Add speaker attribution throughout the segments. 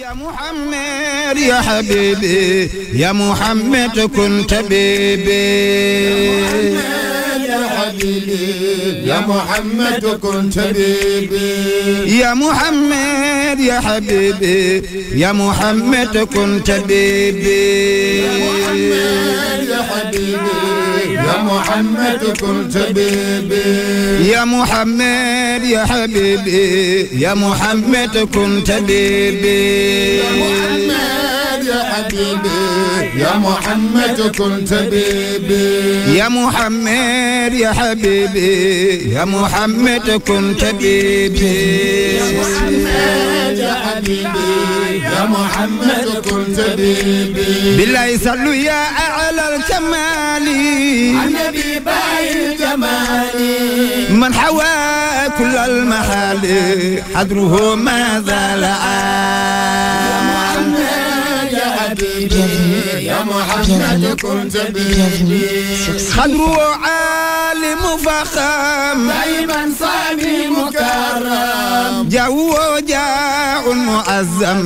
Speaker 1: يا محمد يا حبيبي يا محمد كن طبيبي يا حبيبي يا محمد كن طبيبي يا محمد يا حبيبي يا محمد كن طبيبي يا محمد يا حبيبي محمد كن طبيبي يا محمد يا حبيبي يا محمد كن طبيبي يا محمد
Speaker 2: حبيبي يا محمد
Speaker 1: كن طبيبي يا محمد يا حبيبي يا محمد كن طبيبي يا محمد يا حبيبي يا محمد كن طبيبي بالله صلوا يا أعلى الكمال النبي باين جمالي من حوى كل المحال حضره ما زال عالي bienvenue, bienvenue, bienvenue sur Khadrou alim fakham dayman sami mukarram jawo jaa'un mu'azzam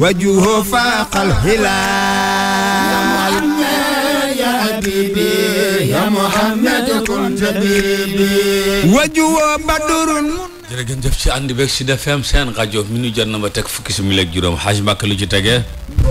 Speaker 1: wajhu faqal hilal حبيبي يا محمد كن جبيبي وجوه بدر
Speaker 3: jërëgën jëf ci ànd beeg Sud FM seen rajo mi nu jot na ma teg fukki simili ak juróom xaaj mbàkk lu ci tegee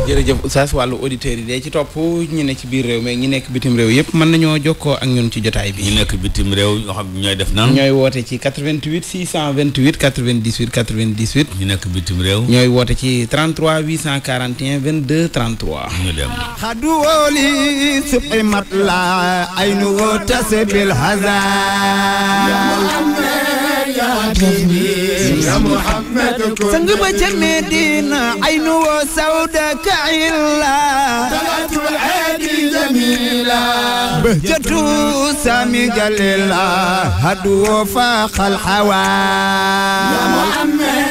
Speaker 3: jërëjëf oustaz wàllu auditeurs yi dee ci topp ñi ne ci biir
Speaker 4: réew mais ñi nekk bitim réew yëpp mën nañoo jokkoo ak ñun ci jotaay bi ñi nekk
Speaker 3: bitim réew ñoo xam ñooy def naan
Speaker 4: ñooy woote ci 88 628 98 98 ñi nekk bitim réew ñooy woote ci 33 841 22 33 ñu dem
Speaker 1: xadu wooli suqimat la ay nu woo tase bil hazaa sang ba ca Medina aynu woo sawdaka illa salatul aadi jamila bahjatu sami galila hadu woo faaxal xawaa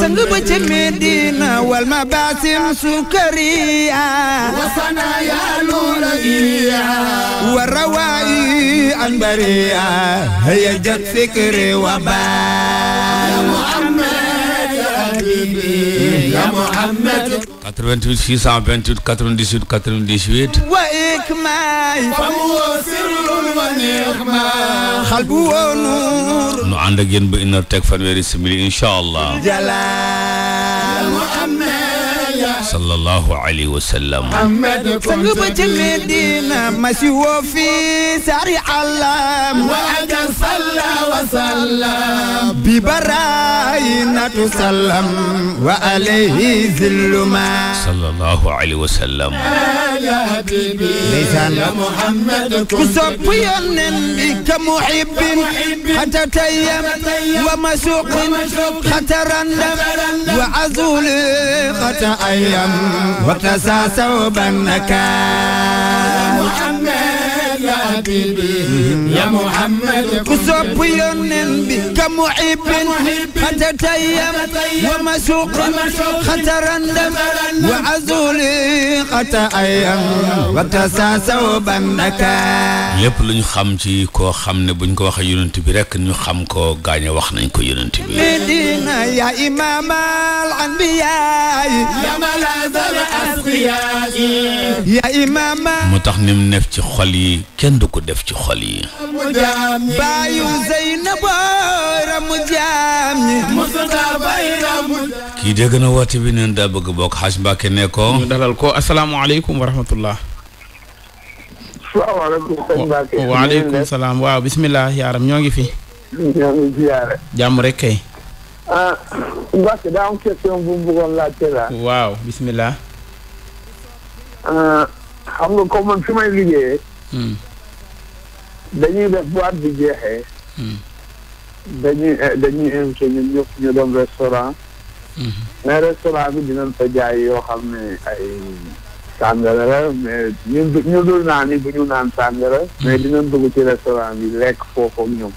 Speaker 1: sang ba ca Medina wal ma baasim sukariya wa sanaya lulagiya wa rawaayi anbariya haya jat fikri wa baa ya Muhammad ya habibi ya Muhammad
Speaker 3: 88 628 98 98. nu ànd ak yéen ba une heure teg fanweeri simili incha allah. sallallahu alayhi wa sallam
Speaker 1: sang ba ca Medina masi woo fi sari alam wa aka salla wa sallam bi barayi natu sallam
Speaker 5: wa alayhi zilluma sallallahu
Speaker 3: alayhi wa sallam
Speaker 1: ya habibi ndeysaan ku sopp yónneen bi ka muhibbin xata tayyam wa masuqin xata randam wa azuli xata ayam مريم وتسع ثوب النكال محمد يا محمد كسب يونن بي كمحب فتتيم ومسوق خطرا دم وعزولي قتأيم وتساسو بندك lépp lu ñu
Speaker 3: xam ci koo xam ne buñ ko waxee yonent bi rek ñu xam ko gaañ wax nañ ko yonent bi
Speaker 1: medina ya imam al anbiya ya malaz al asqiya ya imam
Speaker 3: mu tax nim neef ci xol yi kenn du ko def ci xol yi
Speaker 1: baayu Zeynabu ramu jaam ñi Mustafa bay ramu
Speaker 3: kii dégg na woote bi neen daa bëgg bokk xaaj Mbàkke ne ko ñu dalal ko
Speaker 4: waaw bismillah yaaram ñoo ngi fi
Speaker 6: ñoo ngi ah Mbàkke daa am question bu mu bëggoon laajte la
Speaker 4: waaw bismillah ah, Hmm.
Speaker 7: dañuy def bu at bi jeexee. Hmm. dañuy eh, dañuy invité ñun ñëpp
Speaker 6: ñu dem restaurant. Hmm. mais restaurant bi dinañ fa jaay yoo xam ne ay sàngara mais ñu ñu dul naan ni bu ñu naan sàngara. mais dinañ dugg ci restaurant bi lekk foofu ak ñoom.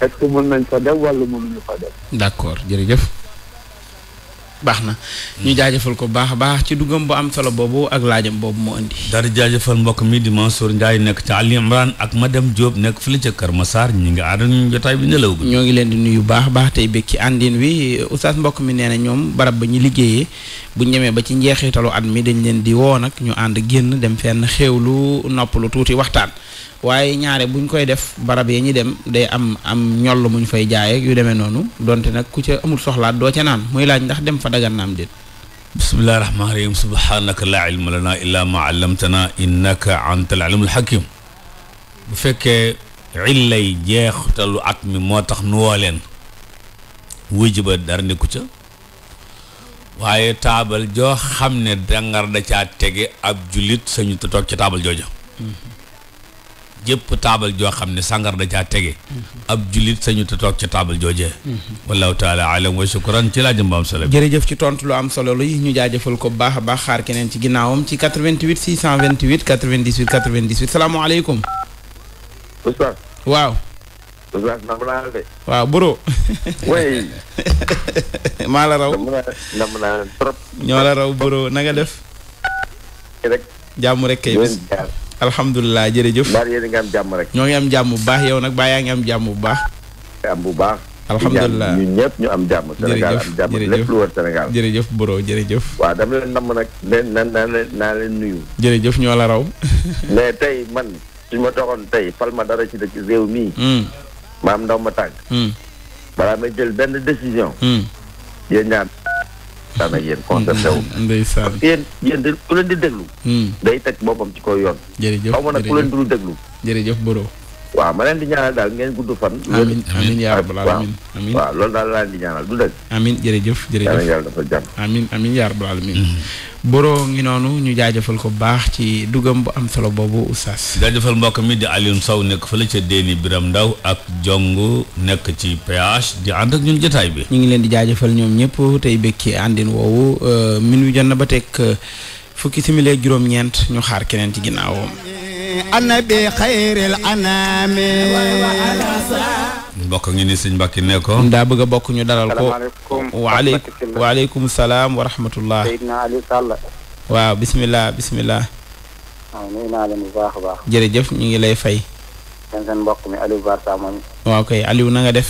Speaker 6: est que mën nañ fa dem wala mënuñu fa dem.
Speaker 4: d'accord jërëjëf. baax na ñu jaajëfal ko baax a baax ci duggam bu
Speaker 3: am solo boobu ak laajam boobu moo indi dara di jaajëfal mbokk mi di Mansour Ndiaye nekk ca Ali Imran ak madame Diop nekk fële ca Kër Massar ñi ngi aada ñu jotaay bi nelaw bi ñoo ngi leen di nuyu baax baax tey békki
Speaker 4: àndin wi oustaz mbokk mi nee na ñoom barab ba ñu liggéeyee bu ñemee ba ci njeexitalu at mi dañ leen di woo nag ñu ànd génn dem fenn xéewlu nopp lu tuuti waxtaan waaye ñaare buñ koy def barab yi ñi dem day am am ñoll muñ fay jaaye yu demee noonu donte nag ku ca amul soxlaat doo ca naan muy laaj ndax dem fa dagan naam déet
Speaker 3: bismillahi rahmaani rahim subhaanaka laa ilma lana illa ma allamtana innaka antal alimul hakim bu fekkee illay jeextalu at mi moo tax nu woo leen wujj ba dara nekku ca waaye taabal joo xam ne dangar da caa tege ab jullit sañu toog ca taabal jooja
Speaker 8: mm-hmm.
Speaker 3: jëpp taabal joo xam ne sàngar da caa tege ab julit sañu te toog ca taabal joojee wallahu taala alam wa shukran ci laajëm bu am solo
Speaker 4: jërëjëf ci tontu lu am solo luy ñu jaajëfal ko bu baax a baax xaar keneen ci ginnaawam ci 88 628 98 98 salaamaaleykum oustaz waaw
Speaker 9: oustaz la de waaw maa la raw nam naa
Speaker 4: ñoo la raw bro na def rek jàmm rek kay bis alhamdulilah jërëjëf. mbaa yéen a ngi am jàmm rek. ñoo ngi am jàmm bu baax yow nag baa yaa ngi am jàmm bu baax. am bu baax. alhamdulilah ñun ñëpp
Speaker 6: ñu am jàmm. Sénégal am jàmm lépp lu wër Sénégal. jërëjëf bro jërëjëf. waaw dama leen namm nag. leen na naa leen naa leen nuyu. jërëjëf ñoo la raw. mais tey man suñu ma toogoon tey fal ma dara ci dëkk réew mii. Hmm. am ndaw ma tàgg. Hmm. balaa may jël benn décision. Hmm. yéen ñaan waxtaan ak yéen concerté wu. ndeysaan yéen yéen de ku leen di déglu. Hmm. day teg boppam ci koy yoon. jërëjëf xaw ma nag ku leen dul déglu. jërëjëf Boro. waaw ma leen di ñaanal daal ngeen gudd fan. amiin amiin yaa rabbal aalamiin amiin loolu daal laa leen
Speaker 4: di ñaanal du dëgg. amiin jërëjëf jërëjëf yàlla dafa jàmm. amiin amiin mm-hmm. Boro ngi noonu ñu jaajëfal ko baax ci dugam bu am solo boobu oustaz.
Speaker 3: jaajëfal mbokk mi di Alioune Sow nekk fële ca Déni Biram Ndaw ak Jong nekk ci PH di ànd ak ñun jotaay bi.
Speaker 4: ñu ngi leen di jaajëfal ñoom ñëpp tey békki àndin woowu euh, min wi jot na ba teg euh, fukki simili ak juróom-ñeent ñu xaar keneen ci ginnaawam
Speaker 1: ana bi xayril anaami
Speaker 4: bokk ngi ni sëñ Mbàkke ne ko daa bëgg a bokk ñu daral ko waaleykum salaam wa rahmatullah waaw bismillah bismillah
Speaker 2: waaw nuyu baax a baax
Speaker 4: jërëjëf ñu ngi lay fay
Speaker 2: seen mbokk mi Aliou Barta
Speaker 4: waaw kay Aliou na def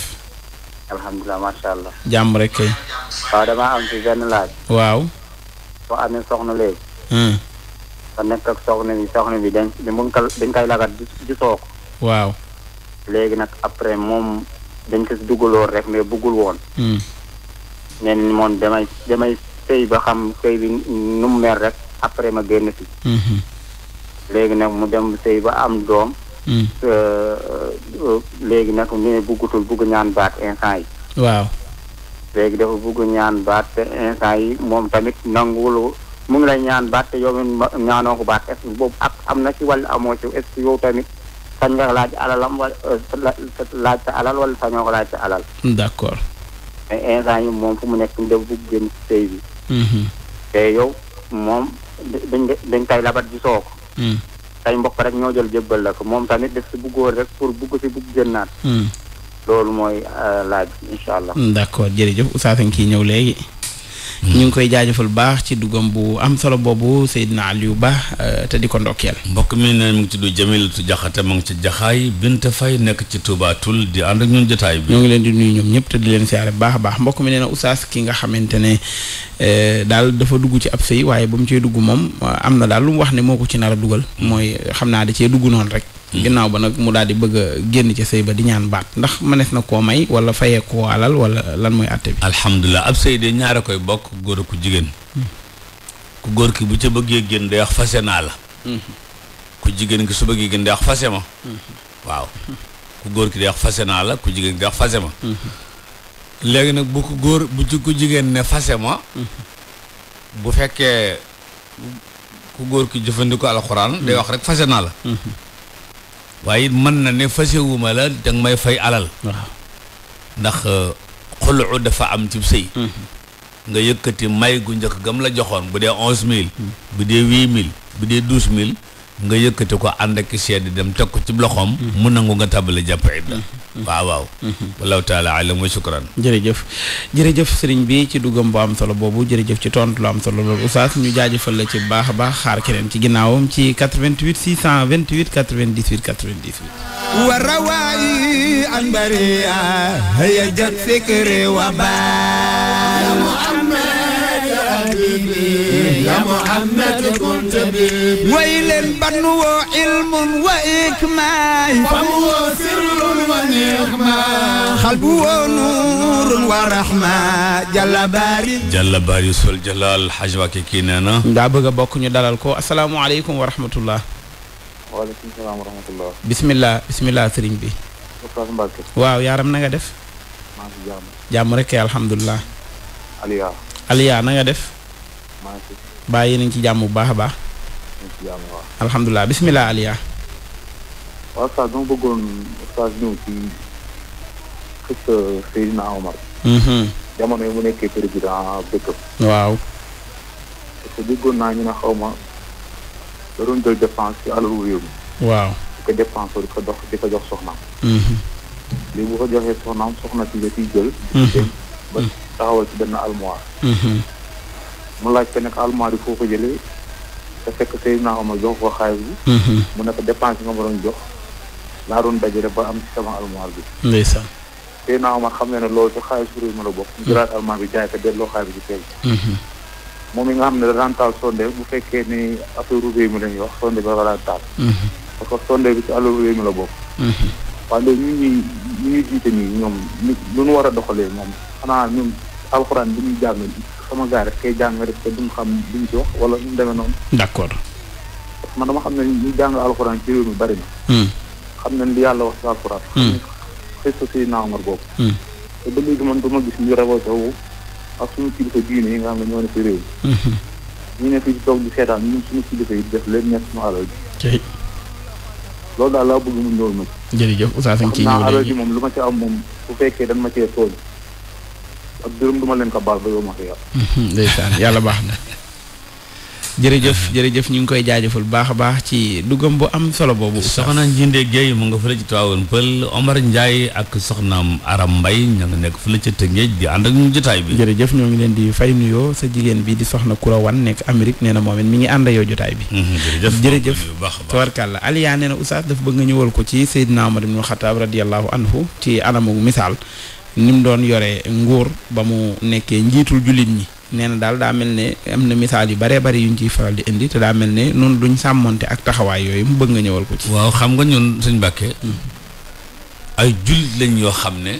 Speaker 2: alhamdulilah macha
Speaker 6: allah
Speaker 4: jàmm rek kay
Speaker 6: waaw damaa am ci benn laaj waaw soo amee dafa nekk ak soxna bi soxna bi dañ dañ ko dañ koy lagat ko waaw léegi nag après moom dañ ko si dugaloon rek mais bëggul woon hmm. nee moom damay damay sëy ba xam sëy bi nu mu mel rek après ma génn fi hmm. léegi nag mu dem sëy ba am doom hmm. euh, euh, léegi nag ñu ne buggutul bugg ñaan baat instant yi waaw léegi dafa bugg ñaan baat te instant yi moom tamit nanguwul mu ngi lay ñaan baat te yow mi ñaanoo ko baat est boobu ak am na ci wàllu amoo ci est yow tamit sañ nga laaj alalam wala euh, laaj sa alal wala sañoo ko laaj sa alal. d'accord. mais instant yi mu nekk ndef bu génn ci sëy bi. Mm-hmm. te dañ dañ koy labat ji soo ko. Mm. tey mbokk rek ñoo jël jébbal la ko moom tamit def si bu góor rek pour bugg si bugg génnaat. Mm. loolu mooy euh, laaj incha allah. d'accord
Speaker 4: jërëjëf Oustaz kii ñëw léegi. Mm-hmm. ñu ngi koy jaajëfal baax ci dugam bu am solo boobu sey Seydina Aliou baax euh, te di ko ndokkeel
Speaker 3: mbokk mi ne mu ngi tudd Jamilatu Jaxate mu ngi ci Jaxaay Binta Fay nekk ci Touba Toul di ànd ak ñun jotaay bi
Speaker 4: ñoo ngi leen di nuy ñoom ñëpp te di leen siyaare baax a baax mbokk mi nee na oustaz ki nga xamante ne Eh, daal dafa dugg ci ab sëy waaye ba mu cee dugg moom eh, am na daal lu mu wax ne moo ko ci nar dugal mooy eh, xam naa da cee dugg noonu rek hmm. ginnaaw ba nag mu daal di bëgg génn ca sëy ba di ñaan baat ndax mënees na koo may wala fayee koo alal wala lan mooy
Speaker 3: àtte bi alhamdulilah ab sëy de ñaara koy bokk góor ku jigéen hmm. ku góor ki bu ca bëggee génn day wax fase naa la hmm. ku jigéen ki su bëggee génn day wax fase ma waaw ku góor ki de wax fase naa la ku jigéen ki day fase ma léegi nag bu ko góor bu ci ku jigéen ne fase ma mm-hmm. bu fekkee ku góor ki jëfandikoo alxuraan day mm-hmm. wax rek fase naa la mm-hmm. waaye mën na ne fasewuma la danga may fay alal ndax uh, xulu dafa am ci sëy nga yëkkati may gu njëkk gam la joxoon bu dee onze mille bu dee huit mille bu dee douze mille nga yëkkati ko ànd ak seede dem teg ko ci loxoom. mu nangu nga tàmbali jàpp idda waaw waaw. wallahu taala alam wa shukran. jërëjëf
Speaker 4: jërëjëf sëriñ bi ci duggam bu am solo boobu jërëjëf ci tontu lu am solo loolu oustaz ñu jaajëfal la ci baax a baax xaar keneen ci ginnaawam ci 88 628 98 98.
Speaker 1: wa rawaayi an bariya haya jat baal حبيبي يا محمد كن طبيبي ويل البن وعلم وإكمال فمه سر ونعمة خلبه نور ورحمة جل باري
Speaker 3: جل باري سول جلال حاج واكي kii nee na ndaa bëgg a bokk
Speaker 4: ñu dalal ko asalaamaaleykum wa rahmatullah
Speaker 1: waaleykum salaam
Speaker 6: wa rahmatullah
Speaker 4: bismillah bismillah sëriñ bi
Speaker 6: Oustaz Mbacke waaw yaaram na nga def maa ngi jàmm
Speaker 4: jàmm rek alhamdulilah aliya aliya na nga def baa yéen a ci jàmm bu baax a baax. alhamdulilah bisimilah Aliya.
Speaker 10: waaw Oustaz dama bëggoon Oustaz ñëw ci
Speaker 4: mhm.
Speaker 7: jamono yi mu nekkee président dëkkam. waaw. parce déggoon naa ñu ne xaw
Speaker 6: ma da doon jël ci alalu réew waaw di ko dépense di ko dox di ko jox soxnaam. Mhm. léegi bu ko joxee soxnaam soxna si la jël. Mhm. ba taxawal ci benn almoir. mu laa ko ne ko almaari foo ko jëlee te fekk Seydina Omar jox ko xaalis bi. Mhm. mu ne ko dépense nga ma doon jox laa doon dajale ba am ci sama almaar bi. ndeysaan. Seydina Omar xam ne loolu ci xaalis ma la bokk. mu jëlaat mhm. almaar bi jaay ko delloo mhm. nga xam ne da daan taal bu fekkee ni affaire rubé mi lañuy wax sonde ba daan taal. parce que sonde bi ci àll rubé mi la bokk. waaye léegi ñu ngi ñu ngi jiite nii ñoom lu ñu war a doxalee moom xanaa alxuraan bi ñuy jàng. sama gars daf koy jàng rek te duñ xam duñ ci wax wala ñu demee noonu. d'accord. man dama xam ne ñu jàng alxuraan ci réew mi bari na. Hmm. xam nañ li yàlla wax ci alxuraan. Hmm. xam
Speaker 4: hmm.
Speaker 6: ba léegi man dama gis ñu
Speaker 10: révolté wu ak suñu kilifa diine yi nga xam ne ñoo ne si réew mi. ñu ne fii ci toog di seetaan
Speaker 6: ñun suñu kilifa yi def leen ñett suñu alal ji. loolu daal laa bëgg mu ñëw nag.
Speaker 4: jërëjëf Oustaz Sane kii ñëw léegi
Speaker 6: xam naa alal moom lu ma ci am moom bu fekkee dañ ma cee tooñ. ab dërëm duma ko ba yow ma ko yàlla.
Speaker 4: Mhm, yàlla baax na. jërëjëf jërëjëf ñu ngi koy jaajëfal baax a baax ci dugam bu am solo boobu. soxna
Speaker 3: Njinde Guèye mu nga fële ci Tivaouane Peulh Omar njaay ak soxnaam Aram mbay ña nga nekk fële ca Tëngéej di ànd ak jotaay bi.
Speaker 4: jërëjëf ñoo ngi leen di fay nuyoo sa jigéen bi di soxna Kurawan nekk Amérique nee na moom mi ngi ànd ak yow jotaay bi. Mhm, jërëjëf jërëjëf tabarkàlla Aliya nee na Oustaz dafa bëgg nga ñëwal ko ci Seydina Omar ibn Khattab radiyallahu anhu ci anamu misaal. ni doon yore nguur ba mu nekkee njiitul jullit ñi neena daal daa mel ne am na misaal yu baree bari yuñ ciy faral di indi te daa mel ne noonu duñ sàmmonte ak taxawaay yooyu mu bëgg nga ñëwal ko ci. waaw
Speaker 3: xam nga ñun sañ Mbàkke hmm. ay jullit lañ yoo xam ne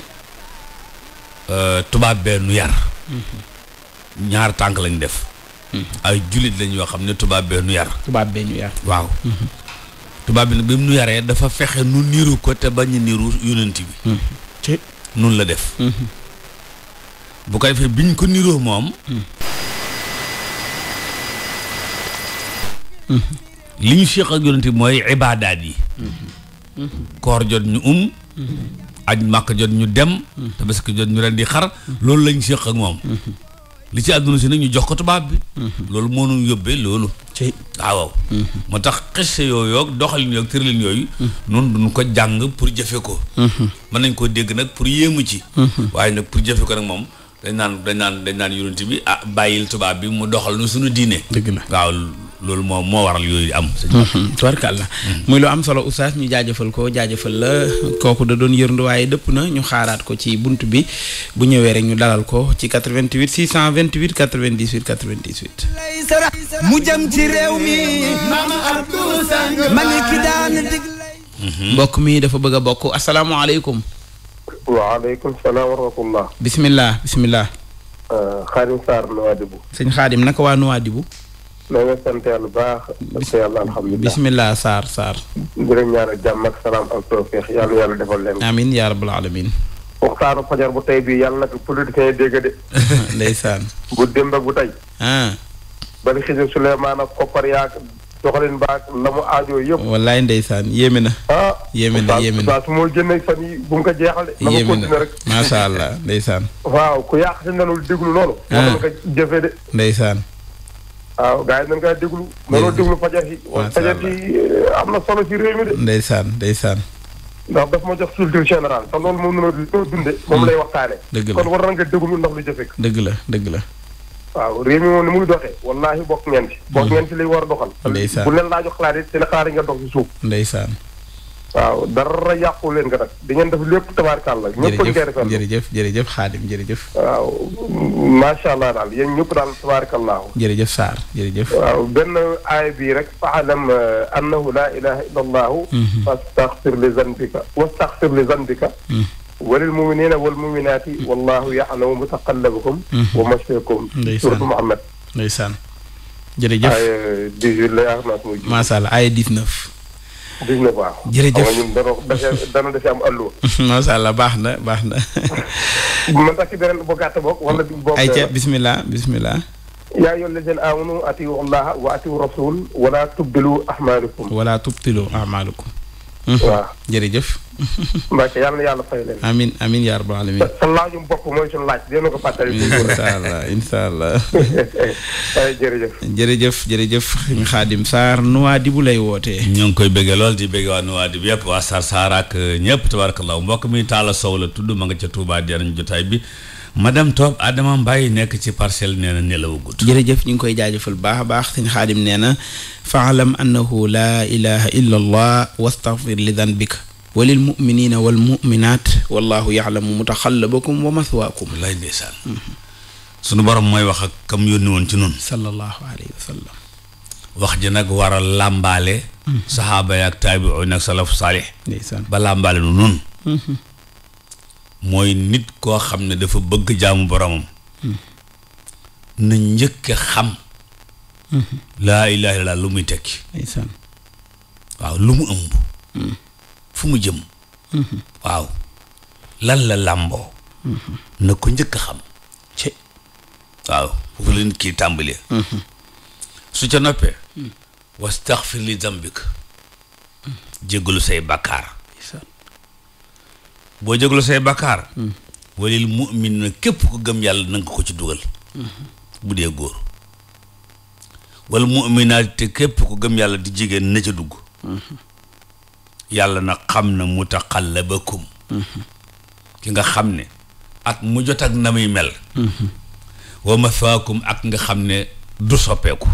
Speaker 3: euh, tubaab bee nu yar.
Speaker 4: Hmm.
Speaker 3: ñaar lañ def. Hmm. ay jullit lañ yoo xam ne tubaab bee nu yar. tubaab bee ñu waaw. tubaab bi nag bi mu nu yaree dafa fexe nu niiru ko te bañ niiru yonent bi. nun la def mhm. bu ko defee biñ ko niroo moom mhm. Mhm. li ñu séq ak yonent bi mooy ibaadaat yi koor jot ñu um aj màkk jot ñu dem tabaski jot ñu ren di xar loolu lañ séq ak moom li ci àdduna si nag jox ko tubaab bi mhm. loolu moo ñu yóbbee loolu ci waaw mhm. moo tax xese yooyu ak doxalin yooyu ak tëralin yooyu mhm. noonu duñu ko jàng pour jëfe ko mën nañ koo dégg nag pour yéemu ci waaye nag pour jëfe ko nag moom dañ naan dañ naan dañ naan yonent bi ah bàyyil tubaab bi mu doxal nu suñu diine dëgg na waaw loolu moom moo waral yooyu am. Mhm. tubarkàlla mhm. muy lu am solo oustaz ñu jaajëfal ko jaajëfal
Speaker 4: la kooku da doon yërndu waaye dëpp na ñu xaaraat ko ci bunt bi bu ñëwee rek ñu dalal ko ci 88 628 98
Speaker 1: 98. mu jëm ci réew mi. maam Abdou Sang. ma ne ki
Speaker 4: mhm. mi dafa bëgg a bokk asalaamaaleykum.
Speaker 6: waaleykum salaam wa rahmatullah.
Speaker 4: bisimilah bisimilah.
Speaker 6: Xaadim euh, Sarr Nouadhibou.
Speaker 4: sëñ Xaadim naka waa Nouadhibou.
Speaker 6: maa ngi sant yàlla bu baax. sant yàlla alhamdulilah
Speaker 4: bisimilah Sarr Sarr.
Speaker 6: jërëjëf salaam ak
Speaker 4: tawféex yàlla yàlla defal leen. amiin yaa rabbal alamin
Speaker 6: waxtaanu fajar bu tey bii yàlla na ko politiciens de.
Speaker 4: ndeysaan.
Speaker 6: bu démb ak bu tey. bari xisi Souleymane ak koppar yaak doxalin baak la mu aajoo yëpp. wallaay
Speaker 4: ndeysaan yéeme na. ah yéeme na yéeme na allah ndeysaan.
Speaker 6: ku yàq si ne déglu loolu. wax nga jëfee de. ndeysaan. waaw gars yi nañ kaa déglu. mënoo déglu fajar yi. fajar yi eh, am na solo ci réew mi de.
Speaker 4: ndeysaan ndeysaan.
Speaker 6: ndax daf ma jox culture générale te loolu moom la ma dundee. moom lay hmm. waxtaane dëgg la kon war na nga déglu ndax lu jëfee.
Speaker 4: dëgg la dëgg la.
Speaker 6: waaw réew mu moom ni doxee wallaahi bokk ngeen hmm. bokk ngeen ci li war a doxal. ndeysaan bu leen laa jox xalaat yi seen nga dox ci suuf. ndeysaan. waaw dara yàqu leen nga nag di ngeen def lépp tabaarkaal la. ñëpp ñu koy defal
Speaker 4: jërëjëf jërëjëf xaadim jërëjëf. waaw
Speaker 6: macha allah daal yéen ñëpp daal tabaarkaal laaw. jërëjëf Saar
Speaker 4: jërëjëf. waaw
Speaker 6: benn aay bii rek fa'lam uh, annahu laa ilaaha illallahu. Mhm. fastaxfir li zanbika wastaxfir li zanbika. Mhm. walil muminina wal muminaati. wallahu ya'lamu mutaqallabakum mhm. wa maswaakum. suratu Muhammad. ndeysaan jërëjëf ay 18 la yaakaar naa ko. macha
Speaker 4: allah ay 19.
Speaker 6: dëgg la waaw. jërëjëf xam ñun danoo danoo am
Speaker 4: àlluwa. allah baax na baax na.
Speaker 6: man tax ci beneen bu gàtt boog wala. boobu euh, wa atiu rasul wala tubdilu ahmalakum.
Speaker 4: wala tubdilu ahmalakum. Mhm. waaw jërëjëf. Mbacke
Speaker 6: yàlla yàlla fay leen.
Speaker 4: amiin amiin yaa rabbal aalamiin.
Speaker 6: sa laajum bopp laaj ko fàttali. incha
Speaker 4: allah incha allah. jërëjëf. jërëjëf jërëjëf
Speaker 3: Xaadim Saar Nouadhibou lay wootee. ñoo ngi koy bëggee lool di bëggee waa Nouadhibou yëpp waa Saar Saar ak euh, ñëpp tabarakallah mbokk mi Talla Sow la tudd ma nga ca Touba Diagne jotaay bi. madame Toob Adama Mbaye nekk ci parcelle nee na nelawugut jërëjëf ñu ngi koy jaajëfal baax a baax sëñ xaadim nee na
Speaker 4: faalam annahu laa ilaha illa allah wastaghfir li danbika wa lil muminina wal muminat wallahu yaalamu mutaxallabakum wa maswaakum lay ndeysaan
Speaker 3: mhm. sunu borom mooy wax ak kam yónni woon ci nun sallallahu wa sallam wax ji nag war a mhm. saxaaba yaak taabi'u nag salaf saalih mooy nit koo xam ne dafa bëgg jaamu boromam na njëkk a xam laa ilaha illallah lu muy tekki waaw lu mu ëmb hmm. fu mu jëm hmm. waaw lan la làmboo hmm. na ko njëkk xam ci waaw foofu leen kii tàmbalee su ca noppee wastaxfir li zambik jéggalu say bàkkaar boo jóglu say bakkaar walil mu'min na képp ko gëm yàlla na nga ko ci dugal bu dee góor wal mu'minaat te képp ko gëm yàlla di jigéen na ca dugg yàlla na xam na mutaqallabakum ki nga xam ne at mu jot ak na muy mel wa mafaakum ak nga xam ne du soppeeku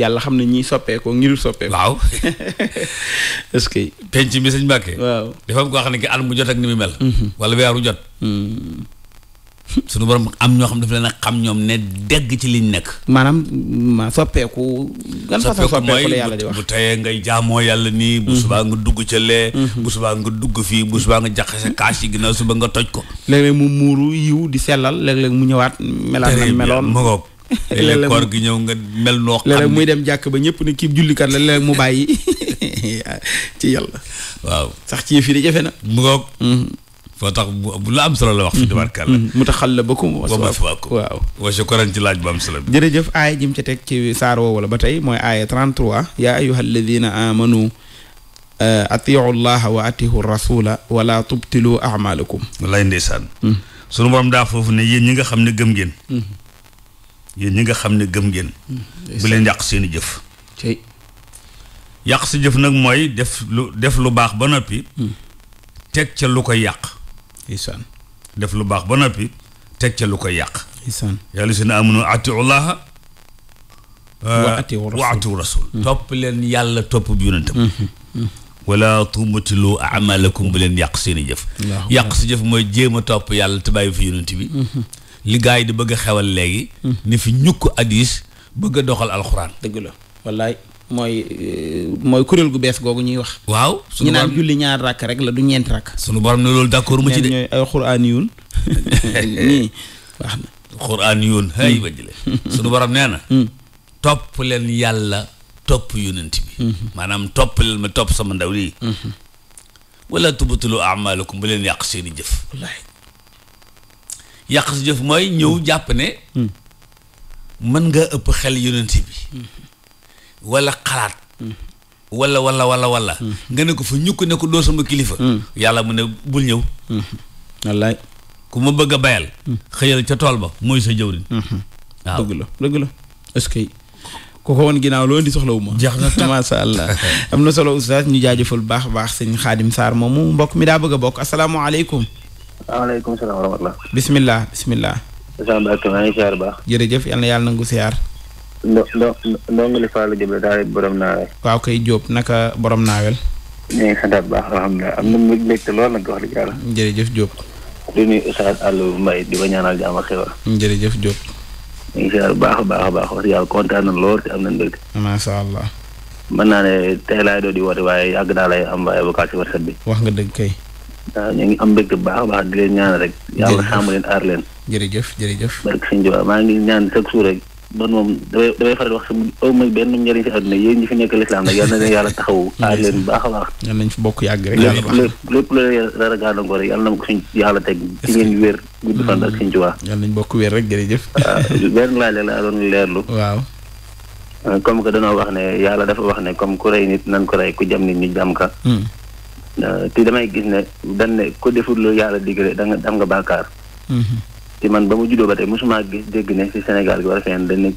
Speaker 3: yàlla xam ne ñii soppeekoo ngir soppeeku. waaw est-ce que. penc mi sañ Mbàkke. waaw dafa am koo ne ki at mu jot ak ni mu mel. Mhm. wala weeru jot. Mm. suñu borom am ñoo xam ne daf leen a xam ñoom ne dégg ci liñ nekk. maanaam ma soppeeku. gan façon soppeeku yàlla di wax bu ngay jaamoo yàlla nii. bu mhm. subaa nga dugg ca lee. Mhm. bu subaa nga dugg fii bu subaa nga jaxase kaas yi ginnaaw suba nga toj ko.
Speaker 4: léeg-léeg mu muuru yiw di sellal léeg-léeg mu ñëwaat. melaat na meloon
Speaker 3: léeg-léeg gi ñëw nga mel noo xam muy
Speaker 4: dem jàkk ba ñëpp ni kii jullikat la léeg mu bàyyi ah, ci yàlla waaw sax ci yëf yi di
Speaker 3: jafe na mu ngoog mm-hmm. la am solo la wax fi tabaarkalla mu la bëkkum waswaakum waaw wa shukran ci laaj bu am solo bi
Speaker 4: jërëjëf aaya jëm ca la ba tey mooy aaya 33 yaa ayyuha alladina amanu uh, atiu llaha wa atihu rasula
Speaker 3: wala daa foofu ne yéen ñi nga xam ne gëm ngeen mm-hmm. yéen ñi nga xam ne gëm ngeen mm-hmm. bu leen yàq seeni jëf yàq si jëf nag mooy def lu def lu baax ba noppi mm. teg ca lu koy yàq isaan def lu baax ba noppi teg ca lu koy yàq isaan yàlla si na amunu atiu llaha wa euh, atiu rasul mm. topp leen yàlla topp bi yonentam mm-hmm. mm. wala tumatilu amalakum bu leen yàq seen i jëf yàq si jëf mooy jéem topp yàlla te bàyyi fi yonent bi mm-hmm. li yi di bëgg a xewal léegi. Hmm. ni fi ñukk addis bëgg a doxal alxuraan. dëgg la wallaay
Speaker 4: mooy eh, mooy kuréel gu bees googu ñuy wax. waaw sunu ñu naan julli ñaar rakk rek la du ñeent rakk.
Speaker 3: sunu borom ne loolu d'accord mu ci de. ay xuraan yuun ñii wax na. Hmm. sunu borom nee na. Hmm. topp leen yàlla topp yonent bi. maanaam topp leen ma topp sama ndaw lii. wala tubtulu amalakum bu leen yàq seen i jëf. yàq su jëf mooy ñëw mm. jàpp ne mm. mën nga ëpp xel yonent bi mm. wala xalaat wala wala wala wala nga ne ko fa ñukk ne ko doo sama kilifa yàlla mu ne bul ñëw wallaay ku ma bëgg a bayal xëyal ca tool ba mooy sa jëw mm-hmm. waaw dëgg la dëgg la est-ce que ko ko woon ginnaaw loolu di
Speaker 4: soxlawu ma jeex na masha allah am na solo oustaz ñu jaajëfal baax baax sëñ Xaadim Sarr moomu mbokk mi daa bëgg a bokk asalaamaaleykum
Speaker 2: waaleykum salaam wa rahmatulah.
Speaker 4: bisimilah bisimilah.
Speaker 2: Sëñ Mbacke maa ngi siyaar baax.
Speaker 4: jërëjëf yal na yàlla nangu siyaar.
Speaker 2: ndo ndo daal borom naawel.
Speaker 4: waaw kay Diop naka borom naawel.
Speaker 2: ñu ngi sant bu baax alhamdulilah am na mbégte lool nag wax jërëjëf Diop. di nuyu Oustaz di ko ñaanal jàmm xewal. jërëjëf Diop. ñu ngi siyaar baax a baax a baax wax dëgg yàlla kontaan na lool te am na mbégte. macha allah. mën naa ne tey laay doon di woote waaye yàgg naa lay am waaye vocation bi. wax nga dëgg kay. waaw ñu ngi am mbégte bu baax a baax di leen ñaan rek. yàlla sàmm leen aar leen.
Speaker 4: jërëjëf jërëjëf.
Speaker 2: barke maa ngi ñaan chaque jour rek. man moom damay damay faral wax sama aw ma benn njëriñ ñi fi nekk lislaam nag yal na leen yàlla taxawu. aar a baax.
Speaker 4: bokk yàgg rek yàlla baax lépp
Speaker 2: lépp lépp dara na ko suñ yàlla teg. ci ngeen wér gudd fan ak mm. sëñ Tuubaa. yal nañ bokk wér rek jërëjëf. waaw benn laaj la doon leerlu. waaw. comme que wax ne yàlla dafa wax ne comme ku rey nit nan ko rey ku jam nit ñu jam ka mm. Euh, te damay gis ne dañ ne ko deful lu yàlla digle da nga am nga bàkkaar. Mhm. te man ba mu juddoo ba tey mosuma gis dégg ne si Sénégal bi wala feneen dañ ne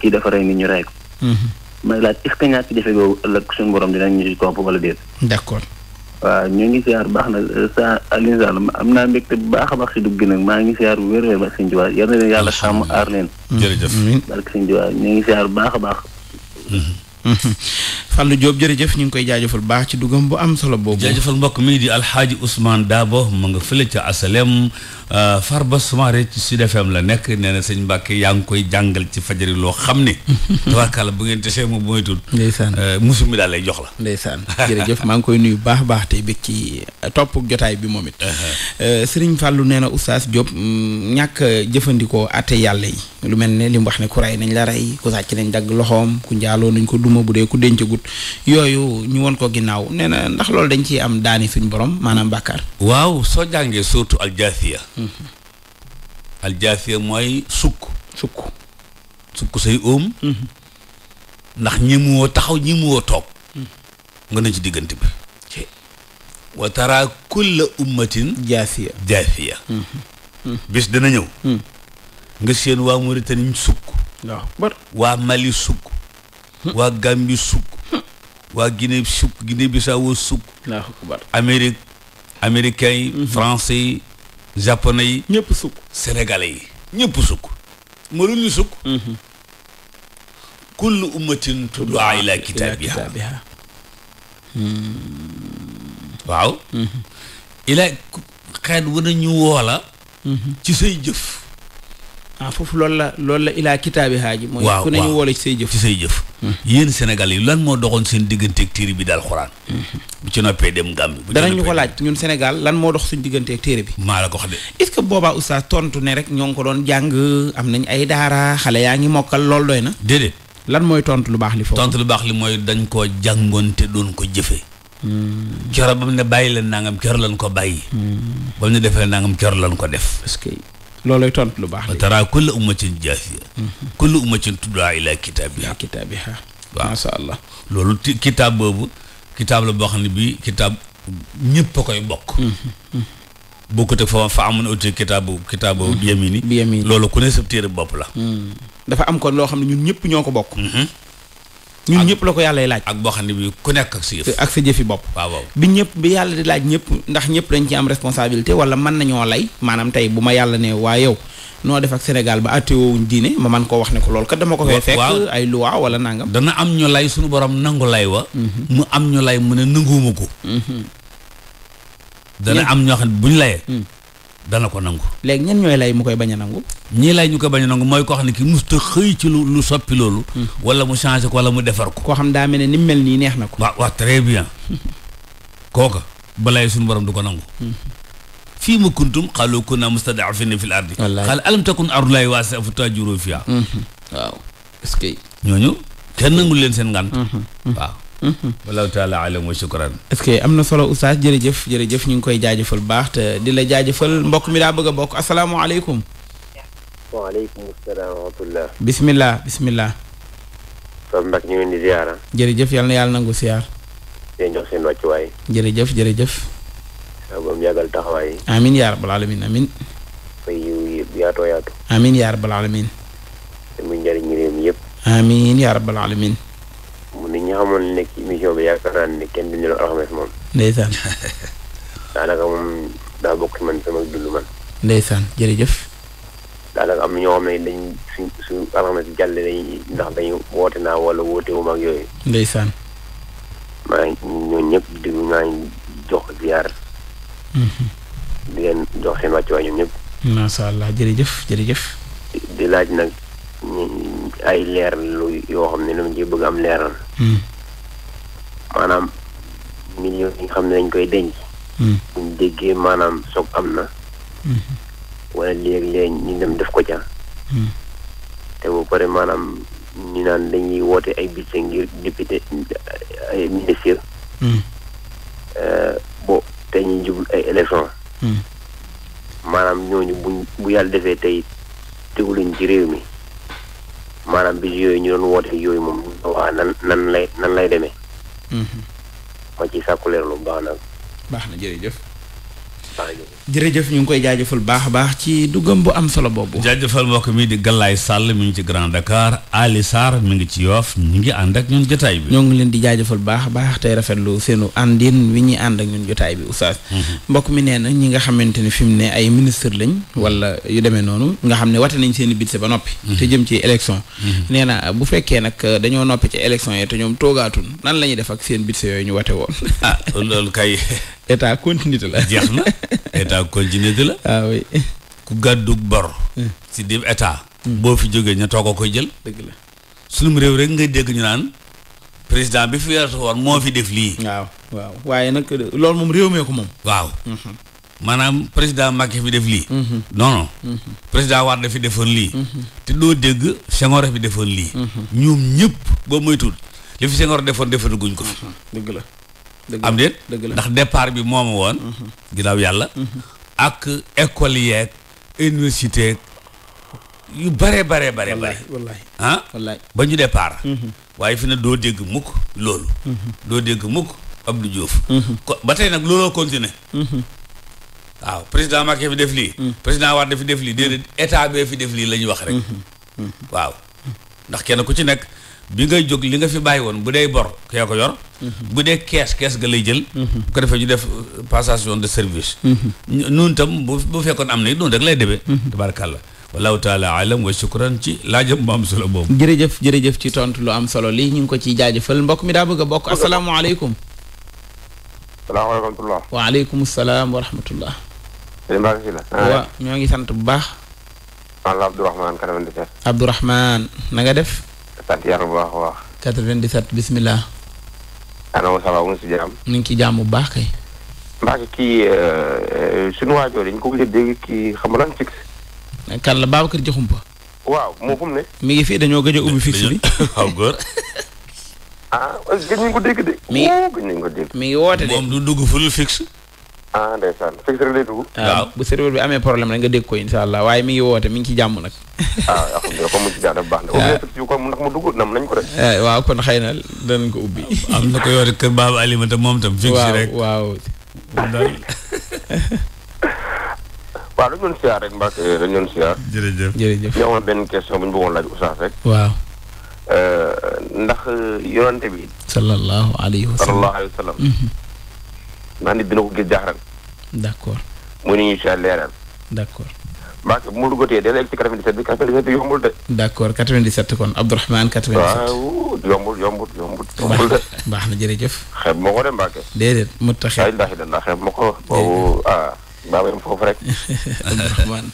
Speaker 2: ñu rey ko. Mhm. may laaj est-ce que ñàkk jafe googu ëllëg suñu borom dinañ ñu si topp wala déet. d'accord. waaw ñu ngi siyaar baax na sa Alioune Sall am naa mbégte bu baax a baax si dugg nag maa ngi siyaar bu wér-wér ba sëñ Tuubaa yal na leen yàlla sàmm aar leen. Mhm. jërëjëf barke sëñ ngi siyaar bu baax a baax.
Speaker 3: Fallou Diop jërëjëf ñu ngi koy jaajëfal baax ci dugam bu am solo boobu. jaajëfal mbokk mi di alxaaji Ousmane Dabo mu nga a ca euh, far ba Soumaré ci su FM la nekk nee na sëñ Mbàkke yaa ngi koy jàngal ci fajari loo xam ne. tabarkàlla bu ngeen tesee moom mooy ndeysaan euh, musum mi daal lay jox la. ndeysaan jërëjëf maa ngi koy nuyu baax baax tey bëgg ci topp jotaay bi moom it. Uh-huh.
Speaker 4: Euh, Sëriñ Fallou nee na Oustaz Diop mm, ñàkk jëfandikoo ate yàlla yi lu mel ne li mu wax ne ku ray nañ la xurma bu dee ku dencagut yooyu ñu won ko ginnaaw nee na ndax loolu dañ ciy am daani suñ borom maanaam bàkkaar
Speaker 3: waaw soo jàngee surtout aljaafiya mhm. aljaafiya mooy sukk sukk sukk say óom mhm. ndax ñi taxaw ñi mu toog mhm. nga nañ ci diggante bi wa tara kulla ummatin jaafiya jaafiya bis dana ñëw nga seen waa Mauritanie sukk waaw waa Mali sukk Hmm. waa Gambie sukk hmm. waa Guinée sukk Guinée Bissau sukk Amérique américains yi hmm. français yi japonais yi ñëpp sukk sénégalais yi ñëpp sukk ma lu ñu sukk kullu ummatin tuddaa ila kitaabiha waaw ila xeet wu woola ci say jëf ah foofu
Speaker 4: loolu la la ilaa kitaabi haaji mooy ku ne woola
Speaker 3: ci say jëf yéen Sénégal yi lan moo doxoon seen digganteeg téere bi daal xuraan. Mhm. bu ci noppee dem Gàmbi. bu ci ñu ko laaj ñun Sénégal
Speaker 4: lan moo dox suñ digganteeg téere bi. maa la ko xamee. est-ce que boobaa oustaz tontu ne rek ñoo ngi ko doon jàng am nañ ay daara xale yaa ngi mokkal lool doy na. déedéet. lan mooy
Speaker 3: tontu lu baax li foofu. tontu baax li mooy dañ koo jàngoon te doon ko jëfee. Hmm. coro ba ne bàyyi leen nangam coro lañ ko bàyyi. Hmm. ba mu ne defee nangam coro lañ ko def. est loolooy tontu lu baax la. tara kullu ummatin jaafiya. Mm-hmm. kullu ummatin tuddaa ila kitaabiha. kitaabiha waaw macha allah. loolu ci kitaab boobu kitaab la boo xam ne bii kitaab ñëpp a koy bokk. Mm-hmm. bokkut ak fa fa amoon uti kitaabu kitaabu mm-hmm. bi yamini. bi yamini loolu ku ne sa téere bopp la. Mm. dafa am kon loo xam ne ñun ñëpp ñoo ko bokk. ñun ñëpp la ko yàlla
Speaker 4: laaj. ak boo xam ne bi ku nekk ak si yëf. ak sa jëfi bopp. waaw bi ñëpp bi yàlla di laaj ñëpp ndax ñëpp dañ ci am responsabilité wala man nañoo lay maanaam tey bu ma yàlla ne waa yow noo def ak Sénégal ba àttewoowuñ diine ma man koo wax ne ko loolu ka dama ko fee fekk ay loi wala nangam. dana am ñu lay suñu borom nangu
Speaker 3: lay wa. Mhm. mu am ñu lay mu ne nanguwuma ko. Mhm. dana am ñoo xam ne buñ layee. Mhm. dana ko nangu. léegi ñen ñooy lay mu koy bañ a nangu. ñii lay ñu koy bañ a nangu mooy koo xam ne ki musta xëy ci lu lu soppi loolu. Hmm. wala mu changé ko wala mu defar ko. koo xam daa mel ne ni mu mel nii neex na ko. waaw waaw très bien kooka balay suñu borom du ko nangu. Hmm. fii ma kuntum xaalu kunna mustadafina fil ardi. wallaay xaal alam takun ardulaay waasi'a fatajuru fiha. Hmm. waaw est-ce que. ñooñu kenn nangul leen seen ngànt. waaw. wallahu taala alam
Speaker 4: que am na solo oustaz jërëjëf jërëjëf ñu ngi koy jaajëfal baax te di la jaajëfal mbokk mi daa bëgg a bokk asalaamaaleykum
Speaker 5: waaleykum salaam wa rahmatullah
Speaker 4: bismillah bismillah
Speaker 5: Sow ñu ngi leen di ziyaara
Speaker 4: yal na yàlla nangu siyaar
Speaker 5: seen jox seen wàccuwaay
Speaker 4: jërëjëf jërëjëf
Speaker 5: saa boom yàggal taxawaay
Speaker 4: amin yaa rabbal alamin amin
Speaker 5: fay yiw yëpp
Speaker 4: amin yaa rabbal alamin
Speaker 5: amin
Speaker 4: yaa rabbal alamin
Speaker 5: ñi xamoon nekk ci émission bi yaakaar naa ne kenn duñu la alxames moom. ndeysaan. daanaka daa bokk ci man sama dund man.
Speaker 4: ndeysaan jërëjëf.
Speaker 5: daanaka am na ñoo xam ne dañ suñ ndax dañu woote naa wala woote wu mag yooyu. ndeysaan. maa ngi ñooñu ñëpp di maa ngi jox ziar. Mhm. di leen jox seen wàccuwaay ñoom
Speaker 4: ñëpp.
Speaker 5: di laaj nag ay leer bëri yoo xam ne lu mu ci bëgg am leeral. Hmm. maanaam millions yi xam ne dañ koy denc. Hmm. buñ déggee maanaam soog am na. Hmm. wala léeg-léeg ñu dem def ko ca. te bu pare maanaam ñu naan dañuy woote ay budget ngir député ay ministre. Euh, bo te ñu jublu ay élection maanaam ñooñu bu yàlla defee tey teguluñ ci réew mi. maanaam bi yooyu ñu doon woote yooyu moom waa nan nan lay nan lay demee. Mhm. ma ciy sàkku leer lu baax nag. baax na jërëjëf.
Speaker 4: jërëjëf ñu ngi koy jaajëfal baax a baax ci duggam bu am solo boobu.
Speaker 3: jaajëfal mbokk mi di Galaye Sall mu ngi ci Grand Ali Sarr mi ngi ci Yoff ñu ngi ànd ak ñun jotaay bi. ñoo ngi leen
Speaker 4: di jaajëfal baax a baax tey rafetlu seenu àndin wi ànd ak ñun jotaay bi oustaz. Mhm. mbokk mi nee na ñi nga xamante ne fi mu ne ay ministre lañ wala yu demee noonu nga xam ne wate nañ seen i budget ba noppi. Mhm. te jëm ci élection. Mhm. nee na bu fekkee nag euh, dañoo noppe ci élection yi te ñoom toogaatun nan la ñuy def seen budget yooyu ñu wate woon. Ah, loolu kay. état continuité la. jeex na
Speaker 3: état continuité la. ah oui. ku gàddu bor. Hmm. si di état. Hmm. boo fi jógee ña toog koy jël. dëgg la sunum réew rek ngay dégg ñu naan président bi fi weesu woon moo fi def lii. waaw waaw waaye nag loolu moom réew mee ko moom. waaw. Hmm. maanaam président Macky fi def lii. non président président la fi defoon lii. te doo dégg Senghor fi defoon lii. ñoom ñëpp boo moytuwul li fi Senghor defoon defoon guñ ko la. am déet ndax départ bi moomu woon mm-hmm. ginnaaw yàlla mm-hmm. ak école yeeg université yu bare bare bare bare ah? ba ñu départ mm-hmm. waaye fi ne doo dégg mukk loolu doo dégg mukk Abdou Diouf ba tey nag looloo continuer waaw président Macky fi def lii mm. président Wade fi def lii déedéet état bee fi def lii la ñuy wax rek waaw ndax kenn ku ci nekk bi ngay jóg li nga fi bàyyi woon bu dee bor kee yor mhm. bu dee kees kees ga lay jël mhm. bu ko defee ñu def euh, passation de service nun mhm. tam bu bu fekkoon am na it noonu rek lay demee tabarakàllah wallahu taala alam wa shukran ci laajam bu am solo boobu
Speaker 4: jërëjëf jërëjëf ci tontu lu am solo lii ñu ngi ko ciy jaajëfal mbokk mi daa bëgg a bokk asalaamaaleykum
Speaker 6: wa rahmatullah
Speaker 4: waaleykum salaam wa rahmatullah
Speaker 6: waaw
Speaker 4: ñoo ngi sant bu baax.
Speaker 6: maa la Abdourahman 97.
Speaker 4: Abdourahman na nga def.
Speaker 6: a baax.
Speaker 4: 97 bisimilah.
Speaker 6: anam ça va mu ngi si jàmm.
Speaker 4: ngi ci jàmm bu baax kay.
Speaker 6: Mbacke kii euh, euh, suñu waajoo dañ ko mujj a dégg kii xam lan fixe.
Speaker 4: kan la waaw moo fu
Speaker 6: ne. mi ngi fii dañoo gëj a ubbi fixe bi. waaw góor. ah gëj nañ ko dégg de. ngi woote de moom du dugg ful fixe. ah ndeysaan
Speaker 4: fixe relais dugg. waaw bu serveur bi amee problème rek nga dégg ko incha allah waaye mi ngi woote mi ngi ci jàmm nag. ah alhamdulilah comme mu ngi ci jàmm dafa baax na. waaw
Speaker 6: bu ko ndax mu dugg nam nañ ko rek.
Speaker 3: Eh,
Speaker 4: waaw kon xëy na danañ ko ubbi.
Speaker 3: am na ko yore kër Baba Alimata moom tam. fixe rek waaw waaw.
Speaker 9: waaw dañu doon siyaar rek Mbacke dañu doon siyaar. jërëjëf jërëjëf. ñu amoon benn question bu ñu bëggoon laaj Oustaz rek. waaw. Eh, ndax eh, yonante bi.
Speaker 6: sallallahu alayhi wa sallam. ndax nit dina ko gis jaaxaran. d' accord mu ni incha allah leeral. d' accord. Mbacke bu ma duggotee day léegi ci 97 bi 97 bi yombul de.
Speaker 4: d' accord 97 kon Abdourahmane 97. waaw yombul
Speaker 6: yombul yombul. yombul de
Speaker 4: baax na jërëjëf. xeeb moo ko de Mbacke. déedéet mu tax. aylahi boobu baa yem foofu rek. Abdourahmane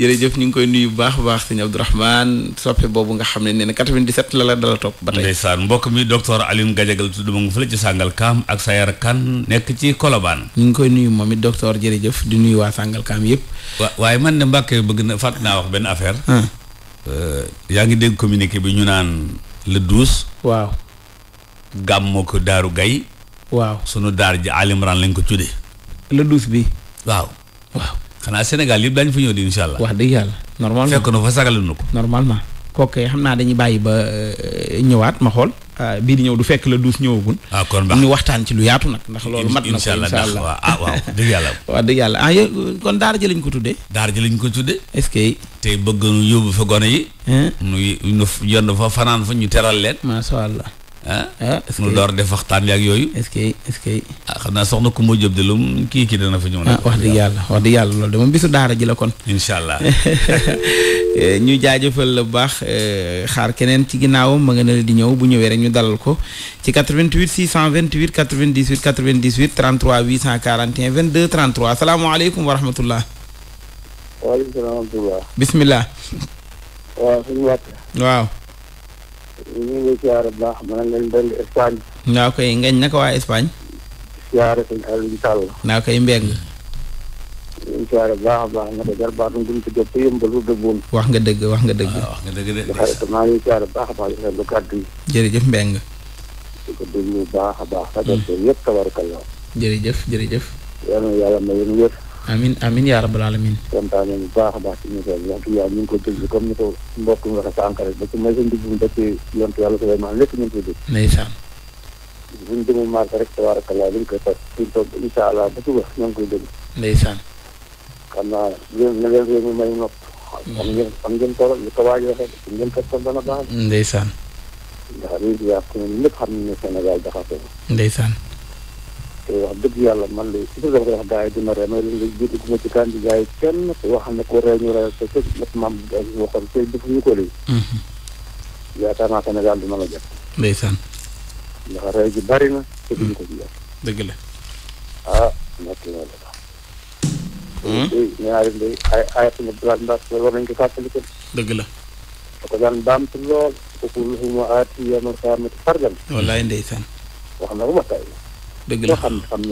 Speaker 4: jërëjëf ñu ngi koy nuyu bu baax a baax sëñ Abdourahmane
Speaker 3: soppe boobu nga xam ne nee na 97 la la dala topp. ba tey ndeysaan mbokk mi docteur Alioune Gadiagal tudd ma nga fële ci Sàngalkaam ak Sayar Kan nekk ci Kolobaan. ñu ngi koy nuyu moom it docteur jërëjëf di nuyu waa Sàngalkaam yëpp. wa waaye man ne Mbàkke bëgg na fàtt naa wax benn affaire. Ah. Euh, yaa ngi dégg communiqué bi ñu naan le 12. waaw. gàmmu ko daaru gay waaw sunu daar ji Alimran lañ ko tuddee. le bi. waaw waaw xanaa Sénégal yëpp daañu fa ñëw di incha allah. wax dëgg yàlla normalement fekk na fa sagalal na ko.
Speaker 4: normalement kooku xam naa dañuy bàyyi ba euh, ñëwaat ma xool. Ah, bii di ñëw du fekk la duus ñëwagul. ah kon baax ñu waxtaan ci lu yaatu nag. ndax loolu mat na ko incha allah incha allah ah waaw dëgg yàlla. waaw dëgg
Speaker 3: yàlla ah, kon daara ji lañ ko tuddee. daara ji lañ ko tudde est-ce que. tey bëgg nu yóbbu fa gone yi. nu nu yónn fa fanaan fa ñu teral leen. macha allah. ah suñu door def waxtaan yaag yooyu est-ce que est ah, xam naa soxna ku ma jëb de lum kii kii dana fa ñëw nag ah, wax
Speaker 4: dëgg yàlla wax dëgg yàlla loolu dama bisu daara ji la kon incha allah eh, ñu jaajëfal la bu baax eh, xaar keneen ci ginnaawam ma nga ne la di ñëw bu ñëwee rek ñu dalal ko ci 88 628 98 98 33 841 22 33 salaamaaleykum wa rahmatullah
Speaker 6: waaleykum salaam wa rahmatullah bismillah waaw waaw ñu baax ma ne leen dellu Espagne.
Speaker 4: naa koy ngañ naka waa Espagne.
Speaker 6: siyaare sëñ Aliou Sall.
Speaker 4: naa koy mbeng.
Speaker 6: ñu baax a baax nga ko jar baatu ngir ko jot
Speaker 4: wax nga dëgg wax nga dëgg.
Speaker 6: wax nga dëgg de. xarit maa ngi siyaare bu baax a baax lu jërëjëf mbeng. di ko déglu bu baax a baax. Mm. rajo bi yëpp tabarkalla.
Speaker 4: jërëjëf jërëjëf.
Speaker 6: yal na yàlla amin amin yaa rabbal alamin kontaan nañu bu baax a baax ci émission bi wax dëgg yàlla ñu ngi ko déglu comme ni ko mbokk mi waxee sànq rek ba ci may sa ndiggum ba ci yontu yàlla Souleymane lépp ñu ngi koy dégg ndeysaan bu ñu demul marché rek tabaarakallaa liñ koy faj duñ toog incha allah ba suba ñoo ngi koy déglu ndeysaan xam naa leen na leen réew mi may nopp xam ngeen xam ngeen toro li ko waaj waxee xam ngeen kat kon dana baax
Speaker 4: ndeysaan
Speaker 6: ndax réew bi yàqu ñun ñëpp xam ne Sénégal jaxasoo ndeysaan te wax dëgg yàlla man lay toujours dama koy wax gars yi dina rey may leen di dugg ma ci candidat yi kenn wax ne ko rey ñu rey te te nag maam waxoon te defuñu ko lii. Mhm. yaakaar naa Sénégal na te duñu ko jot. Mhm. dëgg la. ah métti na la. oui nee naa leen de ay ay suñu ko fàttali ko. la. da ko daan baamtu lool. kooku lu ma aati yamar saa ma ci fargal. wallaay ndeysaan. wax na ko ma tey. dëgg la xam-xam a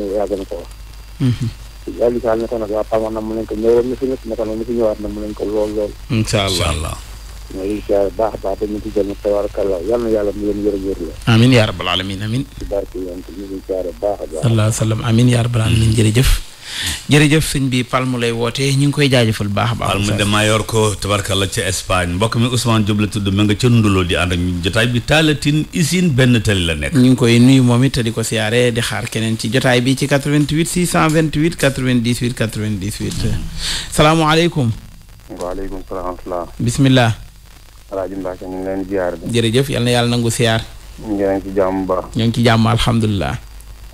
Speaker 6: na mu mhm. nañ ko ñëwoon na fi nag naka na fi ñëwaat na mu nañ ko lool lool
Speaker 9: incha allah
Speaker 6: mooy a baax yàlla mu leen yërëm yër la amin yaa rabbal alamin amin a yaa
Speaker 4: rabbal alamin jërëjëf jërëjëf sëñ bi palmu lay wootee ñu ngi koy jaajëfal baax a baax. palmu de
Speaker 3: Mallorca tabarkalla ca Espagne mbokk mi Ousmane Diop la tudd ma nga ca Nduloo di ànd ak ñu ngi koy
Speaker 4: nuyu moom it di ko siyaare di xaar keneen ci jotaay bi ci 88 628 98 98. salaamaaleykum.
Speaker 7: waaleykum salaam wa
Speaker 4: bisimilah. Alaaji
Speaker 6: Mbacke ñu ngi leen
Speaker 4: di ziar. jërëjëf yal na yàlla nangu siyaar. ñu ngi leen ci jàmm bu baax. ñu ngi ci jàmm alhamdulilah.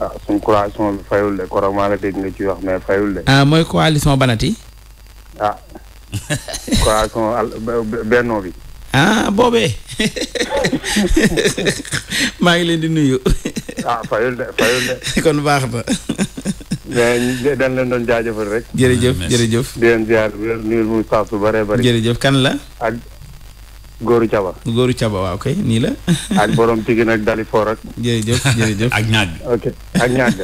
Speaker 6: ah suñ coalition bi fayul de koro maa la dégg nga ci wax mais fayul de. ah
Speaker 4: mooy coalition banati.
Speaker 6: Ah. bi.
Speaker 4: ah boobee maa ngi leen di nuyu. ah fayul de fayul de. kon baax na.
Speaker 6: mais leen doon jaajëfal rek. jërëjëf ah, jërëjëf. di nuyu bu saaf su bëree bëri. jërëjëf kan la. Góoru Caba. Góoru Caba waaw nii la. ak borom tigi nag dali foor ak. jërëjëf
Speaker 4: jërëjëf ak ñaag. bi ak ñaag.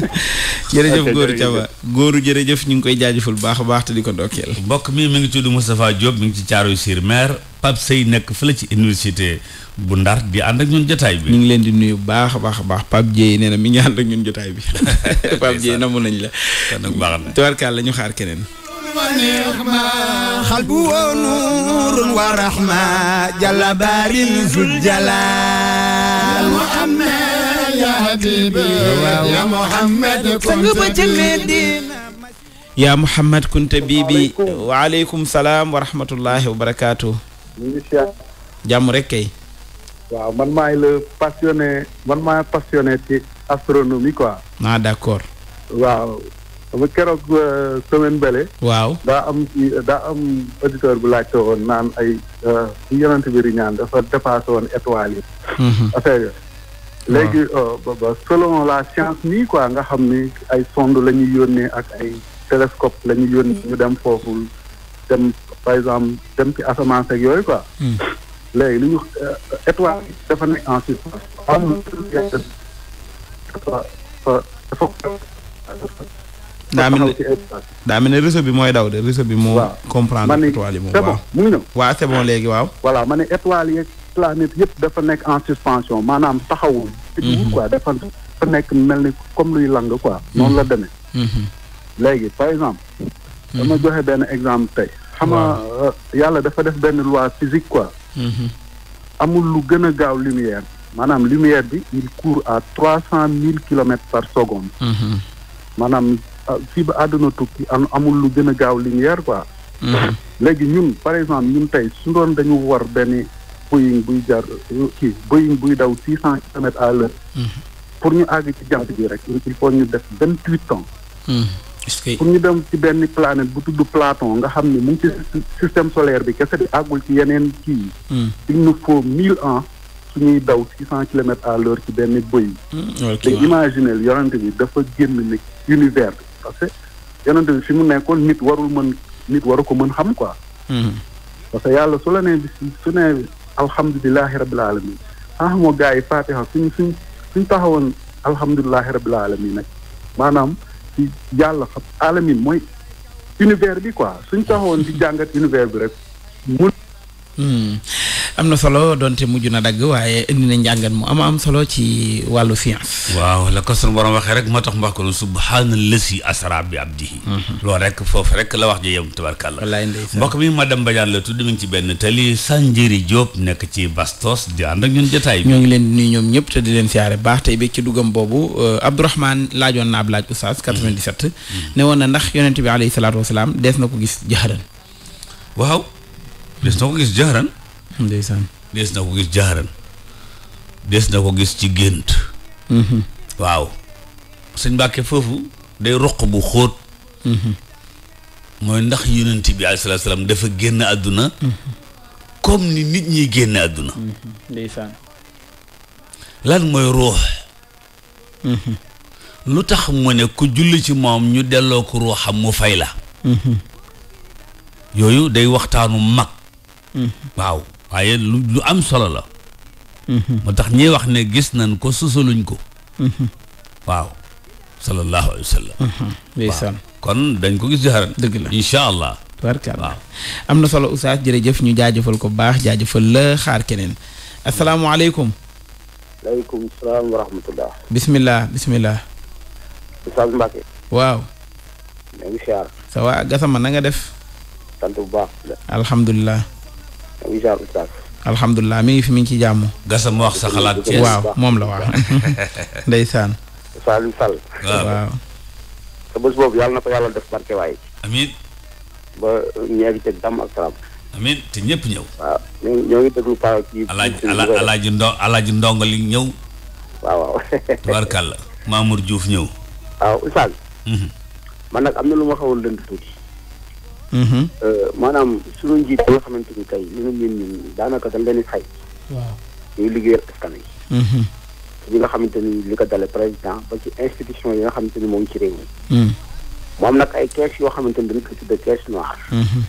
Speaker 4: jërëjëf Góoru Caba góoru jërëjëf
Speaker 3: ñu ngi koy jaajëfal baax a baax te di ko dokkeel. mbokk mi mi ngi tudd Moustapha Diop mi ngi ci Thiaroye sur Mer Pape Sey nekk fële ci université bu Ndar di ànd ak ñun jotaay bi. ñu ngi leen di nuyu baax a baax a baax Pape Dieye nee na mi ngi ànd ñun jotaay bi
Speaker 4: Pape Dieye nañ la. kon nag baax na tubarkaal la ñu xaar keneen.
Speaker 1: xalbu wa nuurun wa raxma jalla baarin zul jalaal yaa Muhammad
Speaker 4: yaa Muhammad kunte biibi waaleykum salaam wa rahmatullahi wa barakaatu jàmm rek kay
Speaker 10: waaw man maay la passionné man maay passionné ci astronomie quoi ah d'accord waaw ba keroog euh, semaine bële. waaw daa am daa am auditeur bu laajte woon naan ay euh, yonent bi di ñaan dafa dépassé woon étoiles yi. Mhm. affaire léegi euh, ba selon la science nii quoi nga xam ni ay sonde la ñuy yónnee ak ay télescope la ñuy yónnee ñu dem foofu dem par exemple dem ci asamaan ak yooyu quoi. Hmm. léegi lu ñu étoile dafa nekk en surface. amul
Speaker 4: daa
Speaker 8: mel
Speaker 4: ne daa bi mooy daw de réseau bi moo. comprendre étoile yi moom waaw mu ñëw. waaw c'est léegi
Speaker 10: waaw. voilà ma ne étoile yeeg planète yëpp dafa nekk en suspension maanaam taxawul. ci mhm. quoi dafa dafa nekk mel ni comme luy lang quoi. Mhm. noonu la demee. Mhm. léegi par exemple. dama joxe benn exemple tey. xam nga euh, yàlla dafa def benn loi physique quoi. amul lu gën a gaaw lumière maanaam lumière bi il court à trois cent mille kilomètres par seconde. maanaam. Ah, fii ba àdduna tukki amul lu gën a gaaw lumière quoi. Mm-hmm. léegi ñun par exemple ñun tey su doon dañu war benn Boeing buy jar euh, kii Boeing buy daw six cent kilomètres à l'heure mm-hmm. pour ñu àgg ci jant bi rek il faut ñu def vingt huit ans. Mm-hmm. pour ñu dem ci benn planète bu tudd Platon nga xam ni mu ci système solaire bi kese di àggul ci yeneen kii yi. Mm. il nous faut mille ans suñuy daw six cent kilomètres à l'heure ci benn Boeing. Mm, ok te imaginez yonent bi dafa génn ne univers. parce que yonent bi fi mu nekkoon nit warul mën nit waru ko mën xam quoi. Hmm. parce que yàlla su la nee bis su nee alhamdulilahi rabil alamin ah moo gars yi fatiha suñ suñ suñ taxawoon alhamdulilahi rabil alamin nag maanaam ci yàlla xam alamin mooy univers bi quoi suñ taxawoon di jàngat univers bi rek mun.
Speaker 4: Hmm. am na solo donte mujj na dagg waaye indi na njàngat mu am am solo ci wàllu science.
Speaker 3: waaw la ko sunu borom waxee rek moo tax mu wax ko subhaana lasi asra bi abdihi. Hmm. loolu rek foofu rek la wax ji yem tabarkàlla. wallaay ndeysaan mbokk mi madame Badiane la tudd mi ngi ci benn te sa Sanjiri Diop nekk ci Bastos di ànd ak ñun jotaay bi.
Speaker 4: ñoo ngi leen nii ñoom ñëpp te di leen siyaare baax tey bi ci duggam boobu euh, Abdourahmane laajoon na ab laaj oustaz 97. Hmm. ne woon na ndax yonent bi alayhi salaatu salaam dees na ko gis jaxaran des na ko gis jaxaran ndeysaan
Speaker 3: des na ko gis des na ko gis ci gént mm-hmm. waaw sëñ Mbàkke foofu day roq bu xóot mm-hmm. mooy ndax yonent bi alayhi salaatu salaam dafa génn àdduna mm-hmm. comme ni nit ñi génn àdduna lan mooy ruux lu tax mu ne ku julli ci moom ñu delloo ko ruuxam mu fay la yooyu day waxtaanu mag waaw waaye lu am solo la moo tax ñiy wax ne gis nañ ko susaluñ ko waaw sallallahu alayhi wa sallam mhm, ndeysaan kon dañ ko gis jaxaran dëgg la allah
Speaker 4: tubarkàlla am na solo oustaz jërëjëf ñu jaajëfal ko baax jaajëfal la xaar keneen asalaamaaleykum
Speaker 6: aleykum salaam wa rahmatullah
Speaker 4: bismillah bismillah oustaz Mbacke waaw na ngi siyaar ça va gasama na nga def sant ziar alhamdulilah mi ngi fi mi ci jàmm. gasa mu wax sa xalaat. Thiès waaw moom la waaw. ndeysaan.
Speaker 6: Saliou waaw sa bés boobu yàlla na ko yàlla def barke waay. amiin. ba ñu teg dàmm ak salaam.
Speaker 3: amiin te ñëpp ñëw.
Speaker 6: waaw ñoo ngi déglu Paa kii. alaaji
Speaker 3: alaaji ndo alaaji ndongo li ñëw. waaw waaw. tubaarkàlla ñëw. Mhm. man nag am na lu ma
Speaker 6: xawoon lënd tuuti. Mm-hmm. Uh, maanaam suñu njiit yi nga xamante ni tey li ñu ñun ñun daanaka dañ leen di xay. waaw ñuy liggéeyal askan
Speaker 8: mm-hmm.
Speaker 6: nga xamante ni li ko dale président ba ci institution yi nga xamante ni moo ci réew mi. moom yoo xamante ni dañ ko tuddee caisse mm-hmm.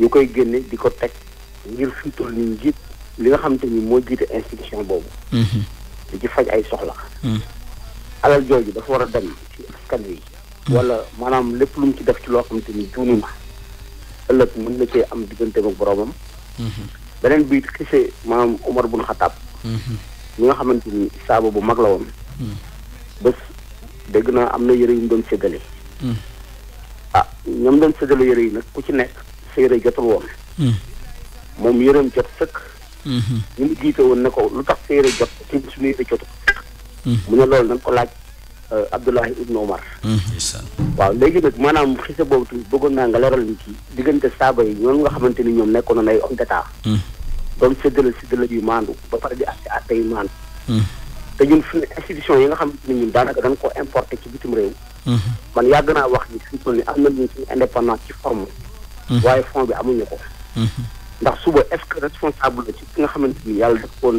Speaker 6: ñu koy génne di ko teg ngir fi mu toll nii njiit li ni moo jiite institution boobu. di ci faj ay soxla. Mm. alal jooju dafa war a dem ci askan wi. Mm. wala maanaam lépp lu ci def ci loo xamante ni ma. ëllëg mën na cee am diggante ak boroomam. Mhm. beneen bi xisee maanaam Umar bun Xataab. ñi mhm. nga xamante ni saaba bu mag la woon. Mhm. bés dégg naa am na yëre yu mu doon séddale. ah ñoom doon séddale yëre yi nag ku ci nekk sa yëre jotul woon. moom yëreem jot sëkk. ñu mu jiite woon ne ko lu tax sa jot mu ne loolu nañ ko laaj. Euh, Abdoulahi Ibn Omar. Hmm, waaw léegi nag maanaam xisa boobu tamit bëggoon naa nga leeral ñu ci diggante saaba yi ñoom nga xamante ni ñoom nekkoon na ay homme d'état. Hmm. doon séddale séddale yu maandu ba pare di àtte àtte yu maandu. Hmm. yi nga xamante ni ñun daanaka dañ koo importé ci bitim réew. man yàgg naa wax ni fi mu ni am nañu suñu indépendance ci forme. waaye fond bi amuñu ko. ndax suba est-ce que responsable la ci ki nga xamante ni yàlla def ko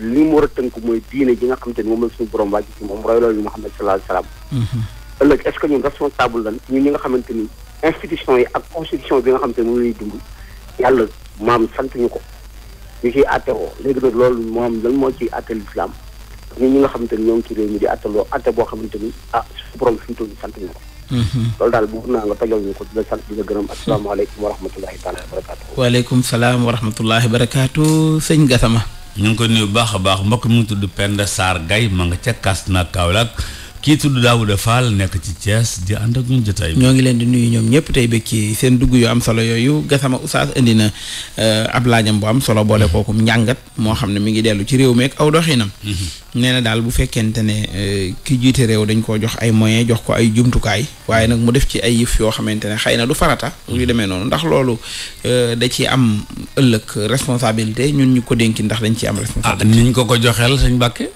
Speaker 6: li war a tënk mooy diine ji nga xam te ni moom la suñu borom wàcc moom roy loolu Muhammad wa sallam mhm. ëllëg est-ce que ñun responsable lan ñun ñi nga xamante ni institution yi ak constitution bi nga xamante ni moom lay dund yàlla maam sant ñu ko ñu ciy àttewoo léegi nag loolu moom lan moo ciy àttel islam ñun ñi nga xamante ni ñoo ngi ci réew mi di àtteloo àtte boo xamante ni ah suñu borom fi mu toll sant ñu ko mhm. loolu daal bëgg naa nga tojal ñu ko di la sant di la gërëm asalaamaaleykum wa rahmatullahi barakaatu
Speaker 4: waaleykum salaam wa barakaatu
Speaker 3: sëñ Gassama ñu ngi ko nuyu baax a baax mbokk mu ngi tudd Penda Sarr gay ma nga ca Kasna Kaolack kii tudd Daouda Fall nekk ci Thiès di ànd ak ñun jotaay bi. ñoo ngi leen
Speaker 4: di nuyu ñoom ñëpp tey bëgg ci seen dugg yu am solo yooyu gasama oustaz indi na eh, ab laajam bu am solo boole kooku mm-hmm. njàngat moo xam ne mi ngi dellu ci réew mi ak aw doxinam. Mm-hmm. nee na daal bu fekkente ne eh, ki jiite réew dañ koo jox ay moyens jox ko ay jumtukaay waaye nag mu def ci ay yëf yoo xamante ne xëy na du farata. Mm-hmm. yu demee noonu ndax loolu eh, da ci am ëllëg responsabilité ñun ñu ko dénki ndax dañ ci am. Ah, responsabilité ah niñ ko joxeel sëñ Bakke.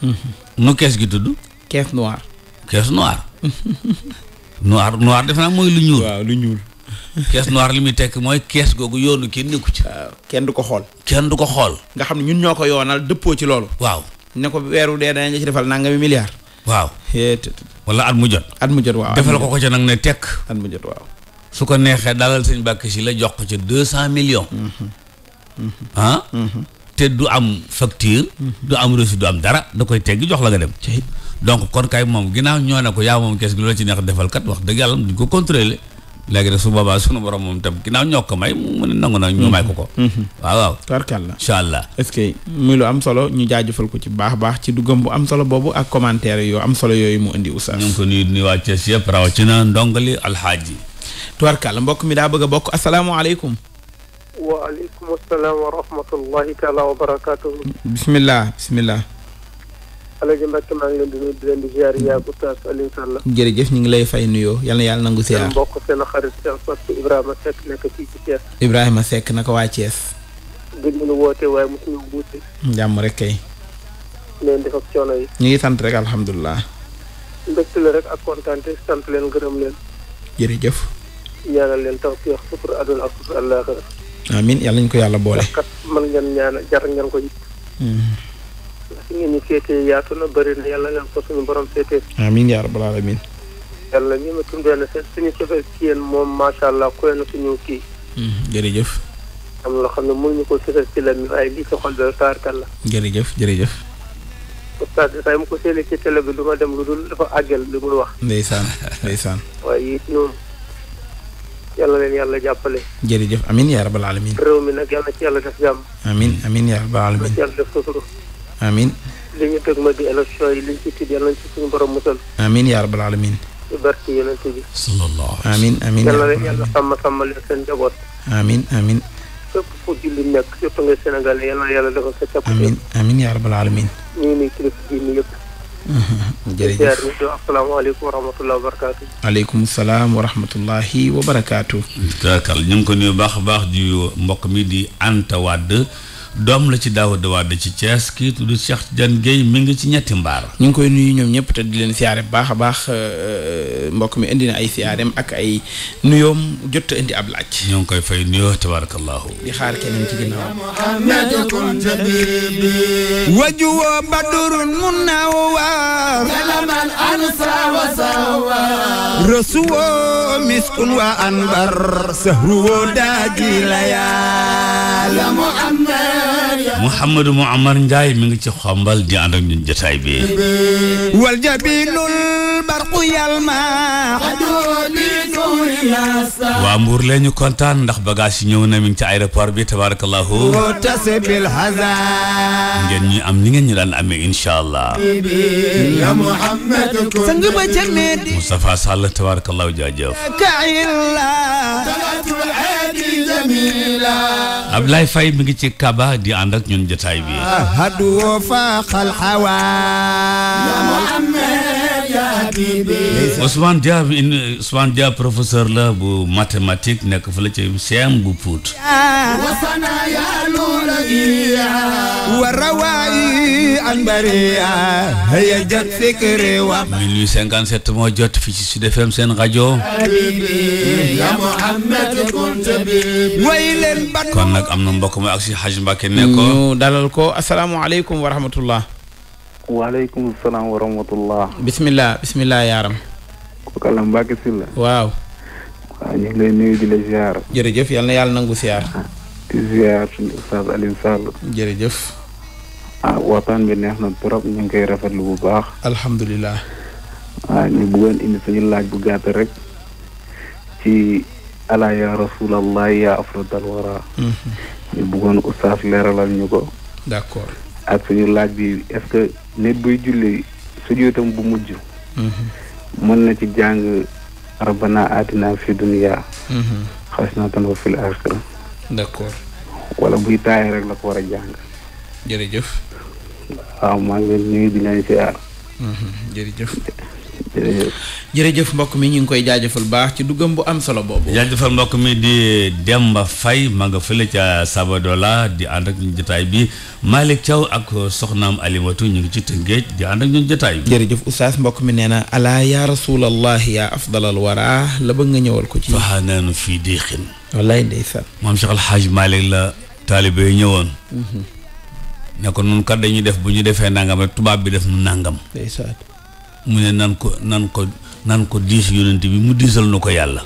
Speaker 4: nu kees gi
Speaker 3: tudd. kees noire. kees noir. noir noir def naa mooy lu ñuul. waaw lu ñuul. kees noir li muy tekk mooy kees googu yoonu kenn ko ci. kenn du ko xool.
Speaker 4: kenn du ko xool. nga xam ne ñun ñoo ko yoonal dëppoo ci loolu. waaw ne ko weeru dee dañ la ci defal nangami
Speaker 3: milliard. waaw. wala at mu jot. at mu jot waaw defal ko ko ca nag ne tekk. at mu jot waaw. su ko neexee dalal seen Mbàkke si la jox ko ca deux cent million mm-hmm. mm-hmm. ah. Mm-hmm. te du am facture. du am reçu du am dara da koy tegg jox la nga dem. donc kon kay moom ginnaaw ñoo ne ko yaa moom kees gi loo ci neex defal kat wax dëgg yàlla duñ ko contrôler léegi nag su boobaa su borom moom tam ginnaaw ñoo ko may mu ne nangu nag ñu may ko ko mm-hmm. Mm-hmm. waaw waaw
Speaker 4: tarkalla incha allah est-ce que muy lu am solo ñu jaajëfal ko ci baax
Speaker 3: baax ci duggam bu am solo boobu ak
Speaker 4: commentaire yoo am solo yooyu mu indi oustaz ñu ngi
Speaker 3: ko nuyu waa Thiès yëpp rawatina ndongali alxaaji
Speaker 4: tubarkalla mbokk mi daa bëgg a bokk asalaamaaleykum
Speaker 6: waaleykum asalaam wa rahmatullahi taala wa barakatuhu
Speaker 4: bismillah bismillah
Speaker 6: Alaaji Mbàkke maa ngi leen di nuyu di leen di ziar yaa Oustaz Alioune Sall.
Speaker 4: jërëjëf ñu ngi lay fay nuyoo yal na yàlla nangu ziar. seen mbokk
Speaker 6: seen xarit seen sopp Ibrahima Seck nekk fii ci Thiès.
Speaker 4: Ibrahima Seck waa Thiès.
Speaker 6: gëj woote waaye mosuñu wuute. jàmm rek kay. leen def ak ñu
Speaker 4: ngi sant rek alhamdulilah.
Speaker 6: mbégte rek ak kontaante sant leen gërëm leen. jërëjëf. ñaanal leen tawfiix sutura àdduna
Speaker 4: ko yàlla boole. kat
Speaker 6: man ngeen ñaan jar ngeen ko fi ngeen ñu féetee yaatu na bëri na yàlla leen ko suñu borom féetee.
Speaker 4: amiin yaa rabbal aalamiin.
Speaker 6: yàlla ñi ma tuddee na seen suñu sofee ci yéen moom macha allah koy na suñu kii. Hmm, jërëjëf. am loo xam ne mënuñu ko ci la mi waaye lii sa xol doon taarkal ko séenee ci télé du ma dem dul dafa àggal li muy wax.
Speaker 4: ndeysaan ndeysaan.
Speaker 6: waaye it ñoom yàlla jàppale.
Speaker 4: jërëjëf amiin yaa rabbal aalamiin.
Speaker 6: réew mi nag yàlla ci yàlla def jàmm.
Speaker 4: amiin amiin yaa rabbal aalamiin. yàlla def sutura. amiin
Speaker 6: li ñu tëg ma di élection yi liñ ci tiit yàlla nañ ci suñu borom musal
Speaker 4: amiin yaa rabbal alamin
Speaker 6: ci barke yonent bi sallallahu
Speaker 4: amiin amiin yàlla leen
Speaker 6: yàlla sàmm sàmmal leen seen njaboot
Speaker 4: amiin amiin
Speaker 6: fépp fu julli nekk surtout nga Sénégal yàlla yàlla dafa sa capp
Speaker 4: amiin amiin yaa rabbal alamin
Speaker 6: ñu ngi nuyu kilifa ji ni yëpp jërëjëf ñu asalaamaaleykum wa rahmatulah wa barakaatu.
Speaker 4: aleykum salaam wa rahmatulahi wa barakaatu.
Speaker 3: ñu ngi ko nuyu baax a baax di mbokk mi di Anta Wade. doom la ci Daawuda Wade ci Thiès kii tudd Cheikh Tidiane Guèye mi ngi ci ñetti mbaar.
Speaker 4: ñu ngi koy nuyu ñoom ñëpp te di leen siyaare bu baax a baax euh, euh, mbokk mi indi na ay siyaareem ak ay nuyoom jot indi ab laaj. ñoo ngi koy fay nuyoo tabarakallahu di xaar keneen ci ginnaaw.
Speaker 1: wajuwa badurun munawwar. kalaman ansa
Speaker 3: Mouhamadou Mouamar Ndiaye mi ngi ci xombal di ànd ak ñun jotaay bi
Speaker 1: wal jabinul barqu yalma waa
Speaker 3: Mbour lee ñu kontaan ndax bagage yi ñëw na mi ngi ci aéroport bi tabarakallahu
Speaker 1: ngeen
Speaker 3: ñu am ni ngeen ñu daan amee incha allah. Moustapha Sall tabarakallahu jaajëf. Ablaye Faye mi ngi ci Kaba di ànd ak ñun jotaay bi. Ousmane Dia Ousmane Dia professeur la bu mathématique nekk fële ca CEM bu Pout. minuit cinquante sept moo jot fii ci Sud FM seen rajo. kon nag am na mbokk mu ak si Hadj Mbacke
Speaker 4: ne ko. ñu dalal ko asalaamaaleykum wa rahmatullah.
Speaker 6: waaleykum
Speaker 1: salaam wa
Speaker 4: rahmatullah. bisimilah bisimilah yaaram. kooku Alla waaw. waaw ñu ngi lay nuyu di la ziar. jërëjëf yal na yàlla nangu ziar. Ah,
Speaker 10: di ziar
Speaker 4: suñu Oustaz jërëjëf. Ah, waxtaan bi neex na trop ñu ngi koy lu bu baax.
Speaker 6: alhamdulilah. waaw ah, ñu bëggoon indi suñu laaj bu gàtt rek ci ala ya rasulallah ya afradal wara mhm. ñu bëggoon Oustaz
Speaker 10: leeralal ñu ko.
Speaker 4: d'accord.
Speaker 10: ak suñu laaj bi est-ce que nit buy julli
Speaker 6: sujjóotam bu mujj mhm. mën na ci jàng rabbana atina fi dunya mhm. xasanatan wa fil axira d'accord wala buy taayee rek la ko war a jàng jërëjëf waaw maa ngi leen nuyu di leen siyaar
Speaker 4: mhm. jërëjëf jërëjëf mbokk mi ñu ngi koy jaajëfal baax ci duggam bu am solo boobu.
Speaker 3: jaajëfal mbokk mi di Demba fay ma nga fële ca Sabadola di ànd ak ñun jotaay bi malik caw ak soxnaam Alimatu ñu ngi ci Tëngéej di ànd ak ñun jotaay bi.
Speaker 4: jërëjëf oustaz mbokk mi nee na alaa yaa rasulallahi yaa afdalal wara la bëgg nga ñëwal ko ci.
Speaker 3: faxanaanu fii di wallaay ndeysaan. maam Cheikh Alhaaj la taalibe yi ñëwoon. Mhm. ne ko kat dañuy def bu ñu defee nangam tubaab bi def nu nangam. mu ne nan ko nan ko nan ko diis yonent bi mu diisal na ko yàlla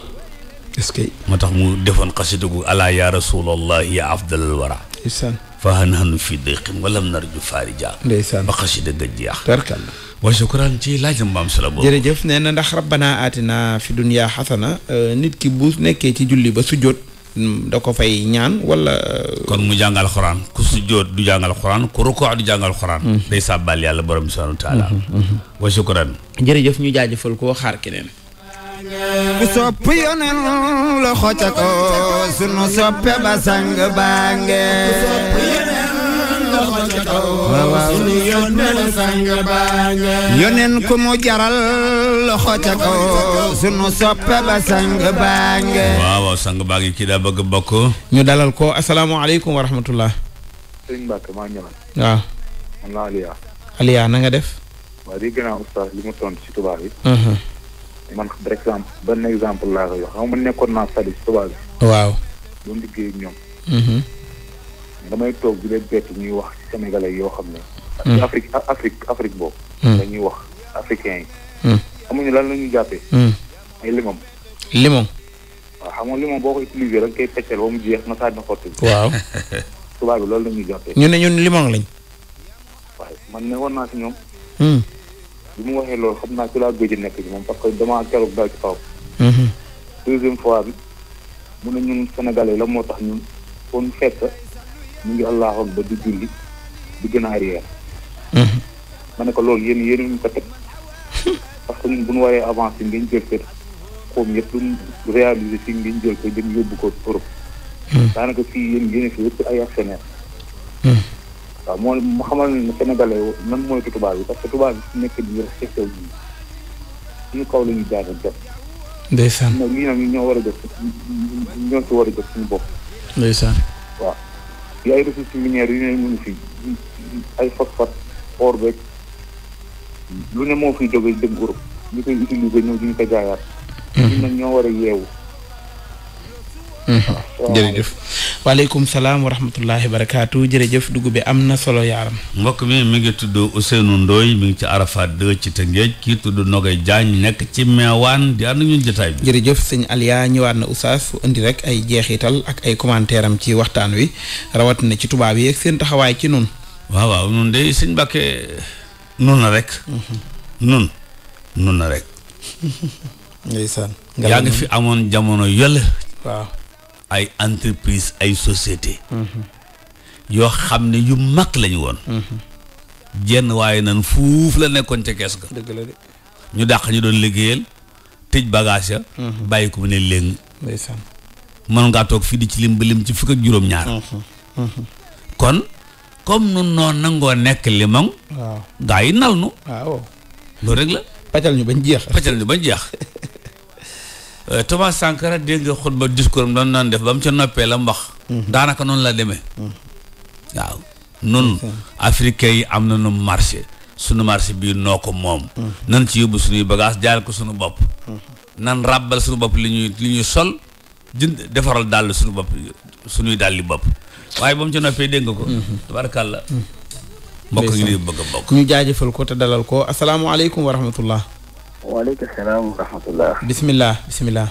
Speaker 3: est-ce que moo tax mu defoon xasida gu alaa ya rasulallah ya afdalal wara ndeysaan fa nahnu fi dayqin walam narju farija ndeysaan ba xasida ga jeex tarkalla wa shukran ci laajam baam sala boobu
Speaker 4: jërëjëf nee na ndax rabbana aatina fi dunya xasana nit ki
Speaker 3: bu nekkee ci julli ba sujjóot da ko fay ñaan wala. Euh, kon mu jàngal xoraan ku sujjóot du jàngal xoraan ku rukkoo du jàngal xoraan. Mm-hmm. day sàbbal yàlla borom subhaanahu wa taala. Mm-hmm, mm-hmm. wa shukran. jërëjëf ñu jaajëfal koo xaar keneen.
Speaker 1: sopp yoneen loxo ca ko sunu soppe ba sang baa yonen ku mu jaral loxo ca kaw sunu soppe ba sang baa nge
Speaker 3: waaw sang baa ngi kii daa bëgg bokk
Speaker 4: ñu dalal ko asalaamaaleykum wa
Speaker 3: rahmatullah
Speaker 6: sëñ Mbacke maa ñëwal waaw man la Aliya
Speaker 4: Aliya na nga def
Speaker 6: waaw di gën a oustaz li mu tontu ci tubaab yi uh-huh. man par exemple benn exemple laa koy wax xam nga man nekkoon naa sali ci tubaab yi waaw doon liggéey ak ñoom uh-huh. damay toog di leen bett ñuy wax ci sénégalais yoo xam ne. Hmm. Afrique Afrique Afrique boobu. dañuy hmm. wax africain yi. Hmm. amuñu lan la ñuy jàppee. ay limam. limam. waaw xam nga limam boo ko utilisé rek kay peccal ba mu jeex nga saa dina xotti. waaw. tubaab bi loolu la ñuy jàppee. ñu ne
Speaker 4: ñun limam lañ.
Speaker 6: waaye man ne woon naa si ñoom.
Speaker 4: bi
Speaker 6: mu waxee loolu xam naa ci laa gëj a nekk ci moom parce que damaa keroog daal ci kaw. deuxième fois bi mu ne ñun sénégalais la moo tax ñun fon fekk. mu ngi allahu akbar di julli di gën a arrière. Hmm. ma ne ko loolu yéen yéen ñu ko teg parce que bu ñu waree avancé ngeen jël ko xoom yëpp duñ réaliser fii ngeen jël ko dem yóbbu ko Europe. Hmm. daanaka fii yéen yéen fi yëpp ay actionnaire. Hmm. waaw moo mu xamal ne Sénégalais nan mooy ko tubaab bi parce que tubaab bi su nekk di yor xeex wu ñu suñu kaw la ñuy jaar def. ndeysaan lii nag ñoo war a def ñoo ci war a def suñu bopp. ndeysaan waaw. yi ay ressources minières yu ne ñu fi ay phosphate or beeg lu ne moo fi jóge dem Europe ñu koy utiliser ñëw di ñu ko jaayaat. ñun nag ñoo war a yeewu.
Speaker 4: jërëjëf waaleykum salaam wa rahmatullahi barakaatu
Speaker 3: jërëjëf dugub bi am na solo yaaram mbokk mi mi ngi tudd Ousseynou Ndoye mi ngi ci Arafat 2 ci Tëngéej kii tudd Nogay Diagne nekk ci Meewaan di ànd ñun jotaay bi jërëjëf sëñ Aliya ñëwaat
Speaker 4: na Oustaz indi rek ay jeexital ak ay commentaire ci waxtaan wi rawat na ci tubaab yi ak
Speaker 3: seen taxawaay ci nun waaw waaw nun de sëñ Mbàkke nun na rek nun nun na rek yaa ngi fi amoon jamono yële waaw ay entreprise ay société yoo xam ne yu mag lañu woon jenn waaye nan fuuf la nekkoon ca kees ga dëgg ñu dàq ñu doon liggéeyal tëj bagage ya bàyyi ko mu ne léegi mën ngaa toog fii di ci lim ba ci fukk ak juróom-ñaar kon comme nun noonu nangoo nekk limon
Speaker 8: waaw
Speaker 3: yi nal nu lu loolu rek la paccal ñu bañ jeex pajal ñu bañ jeex Euh, Thomas Sankara dégg nga xutba discours am doon naan def ba mu ca noppee la mu wax. Hmm. daanaka noonu la demee. Hmm. waaw nun africain yi am nañu marché sunu marché bii noo ko moom. Hmm. nan ci yóbbu sunuy bagage jaal ko sunu bopp. nan ràbbal sunu bopp li ñuy li sol jënd defaral dàll sunu bopp sunuy di bopp waaye ba mu ca noppee dégg nga ko. tabarakàlla mbokk yi
Speaker 4: bëgg a bokk. ñu jaajëfal ko te dalal ko asalaamaaleykum wa rahmatullah
Speaker 6: waaleykum salaam wa rahmatulah.
Speaker 4: bisimilah bisimilah.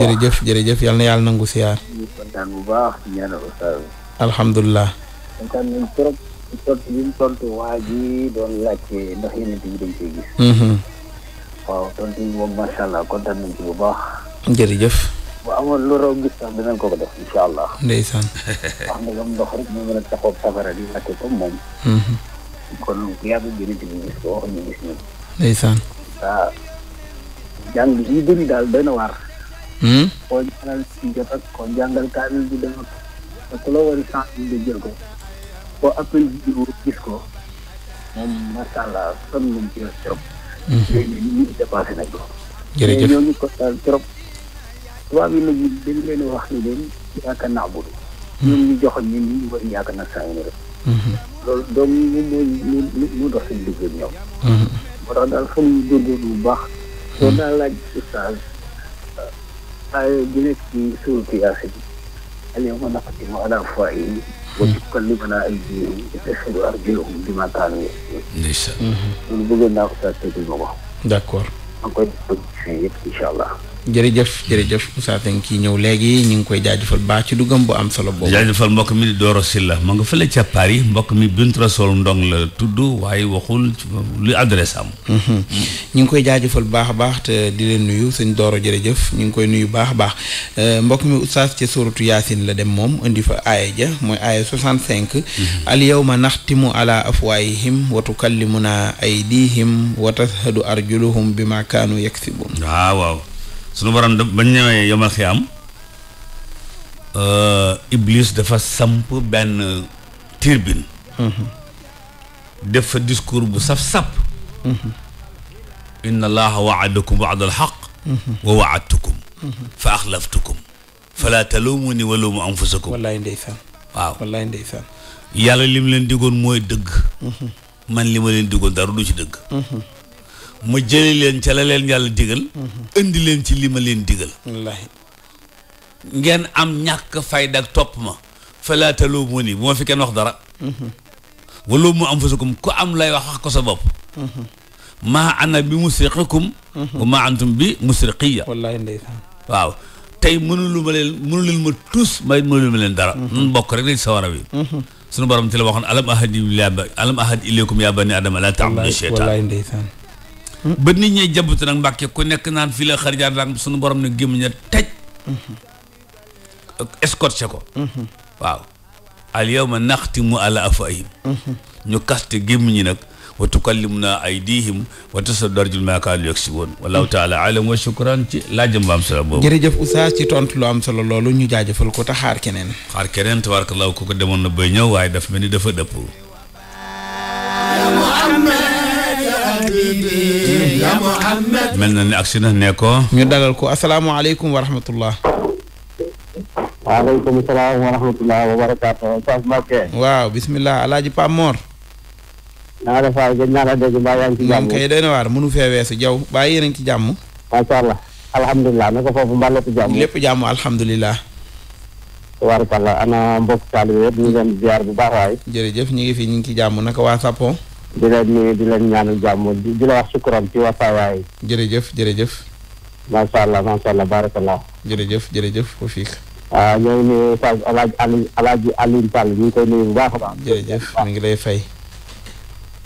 Speaker 4: jërëjëf jërëjëf yal na yàlla nangu siyaar.
Speaker 2: ñu kontaan bu baax ci ñaanal ustaas. alhamdulilah. kontaan bi mu tontu waa ji doon laajte ndax yeneen yi mm-hmm. waaw tontu yi moom macha allah kontaan nañ ci bu baax. jërëjëf. bu amoon lu raw gis sax dinañ ko ko def incha allah. ndeysaan. wax a taxaw mm-hmm. a gis ko wax ñu gis ñun. ndeysaan waaw jàng yi bëri daal doy waar hmm? koo jàngal si jot ak koo jàngal kaamil bi dama ko koo gis ko moom macha allah son nañ ci trop hmm. ko jërëjëf ñooñu ko daal trop tubaab yi nag dañ leen wax ni leen yaakaar naa budu hmm. ñoom ñu joxoon ñun ñu war yaakaar na saa yu ne rek loolu doom ñu moo dox seen digg ñoom moo tax daal foog ñu góorgóorlu bu baax. loolu hmm. daal laaj oustaz euh, ay di nekk ci suñu kiyaas yi. alyawma naqtimu ala afwaahihim wa hmm. tukallimunaa aydiihim wa tashhadu arjuluhum bimaa kaanuu ya'maluun. ndeysaan. loolu bëggoon naa ko saa tëjee ma ko. d' accord. maa ngi koy bëgg si yëpp incha allah.
Speaker 4: jërëjëf
Speaker 3: jërëjëf Moussa Feng kii ñëw léegi ñu ngi koy jaajëfal baax ci duggam bu am solo boobu jaajëfal mbokk mi di Doro Sylla ma nga fële ca Paris mbokk mi Bintu solo Ndong la tudd waaye waxul lu adresse am mhm. ñu ngi koy jaajëfal baax a baax te di leen nuyu sëñ Doro jërëjëf ñu ngi
Speaker 4: koy nuyu baax a baax euh, mbokk mi oustaz ci suratu yaasin la dem moom indi fa aaya ja mooy aaya 65 mhm. al yawma naxtimu ala afwaayihim wa tukallimuna
Speaker 3: aydihim wa tashhadu arjuluhum bima kaanu yaksibun waaw waaw sunu borom da ba ñëwee yomal xiyaam euh, Iblis dafa samp benn turbine. Mm-hmm. def fa discours bu saf-sap
Speaker 8: mm-hmm.
Speaker 3: inna allaha waadakum waada alxaq mm-hmm. wa waadtukum fa axlaftukum fala taluumuni wa luumu anfusakum wallaay ndeysaan waaw wallaay ndeysaan yàlla li mu leen digoon mooy dëgg man li ma leen digoon dara du ci dëgg ma jëli leen ca la yàlla digal mm-hmm. leen ci li ma leen digal wallaahi ngeen am ñàkk fayda ak topp ma fa laa taluumuunii bu ma fi kenn wax dara mm-hmm. wa luumuu anfusakum ku am lay wax wax ko sa bopp mm-hmm. maa ana bi musriqikum wa maa antum bi musriqiya wallaahi ndeysaan waaw tey mënulu ma leen mënu leen ma tus may mënulu ma leen dara nun bokk rek nañ sawara wi nu borom ci la waxoon alam ahad ilaykum yaa bani adama laa ta'budu shaytaan wallaahi ndeysaan ba nit ñi jabutu nag mbàkke ku nekk naan fii la xarjaan suñu borom ne gémmiñ a tej escorté ko waaw al yawma mu ala afahim ñu kaste gémmiñ ñi nag wa tukallimuna aydihim wa tashhadu arjuluhum bimaa kaanu yaksibuun wallahu taala alam wa shukran ci laajam bu am solo boobu jërëjëf
Speaker 4: Oustaz ci tontu lu am solo loolu ñu jaajëfal ko te xaar keneen
Speaker 3: xaar keneen tabarakallahu ko demoon na bay ñëw waaye daf mel ni dafa dëpp habibi mel na ni agsi na ne ko ñu dalal ko asalaamaaleykum
Speaker 4: wa rahmatullah
Speaker 6: waaleykum salaam wa rahmatullah
Speaker 4: waaw bismillah alaaji Pape Mor naa def naa la dégg mbaa yaa ngi ci jàmm moom na ci jàmm macha allah alhamdulilah na ko foofu mbaa lépp jàmm lépp jàmm alhamdulilah
Speaker 6: tabarakallah ana mbokk taalibe yëpp ñu
Speaker 4: leen ziar bu baax waay jërëjëf ñu ngi fi ñu ngi ci jàmm naka waa Sappo di leen nuyu di leen ñaanal jàmm
Speaker 6: di la wax sukkuram ci wasaawaay. jërëjëf jërëjëf. macha allah macha allah barakallah.
Speaker 4: jërëjëf jërëjëf ko fiik
Speaker 6: waaw ngi nuyu Sall alaaj Aliou alaaji Aliou Sall ñu ngi koy nuyu bu baax a baax. jërëjëf mi ngi lay fay.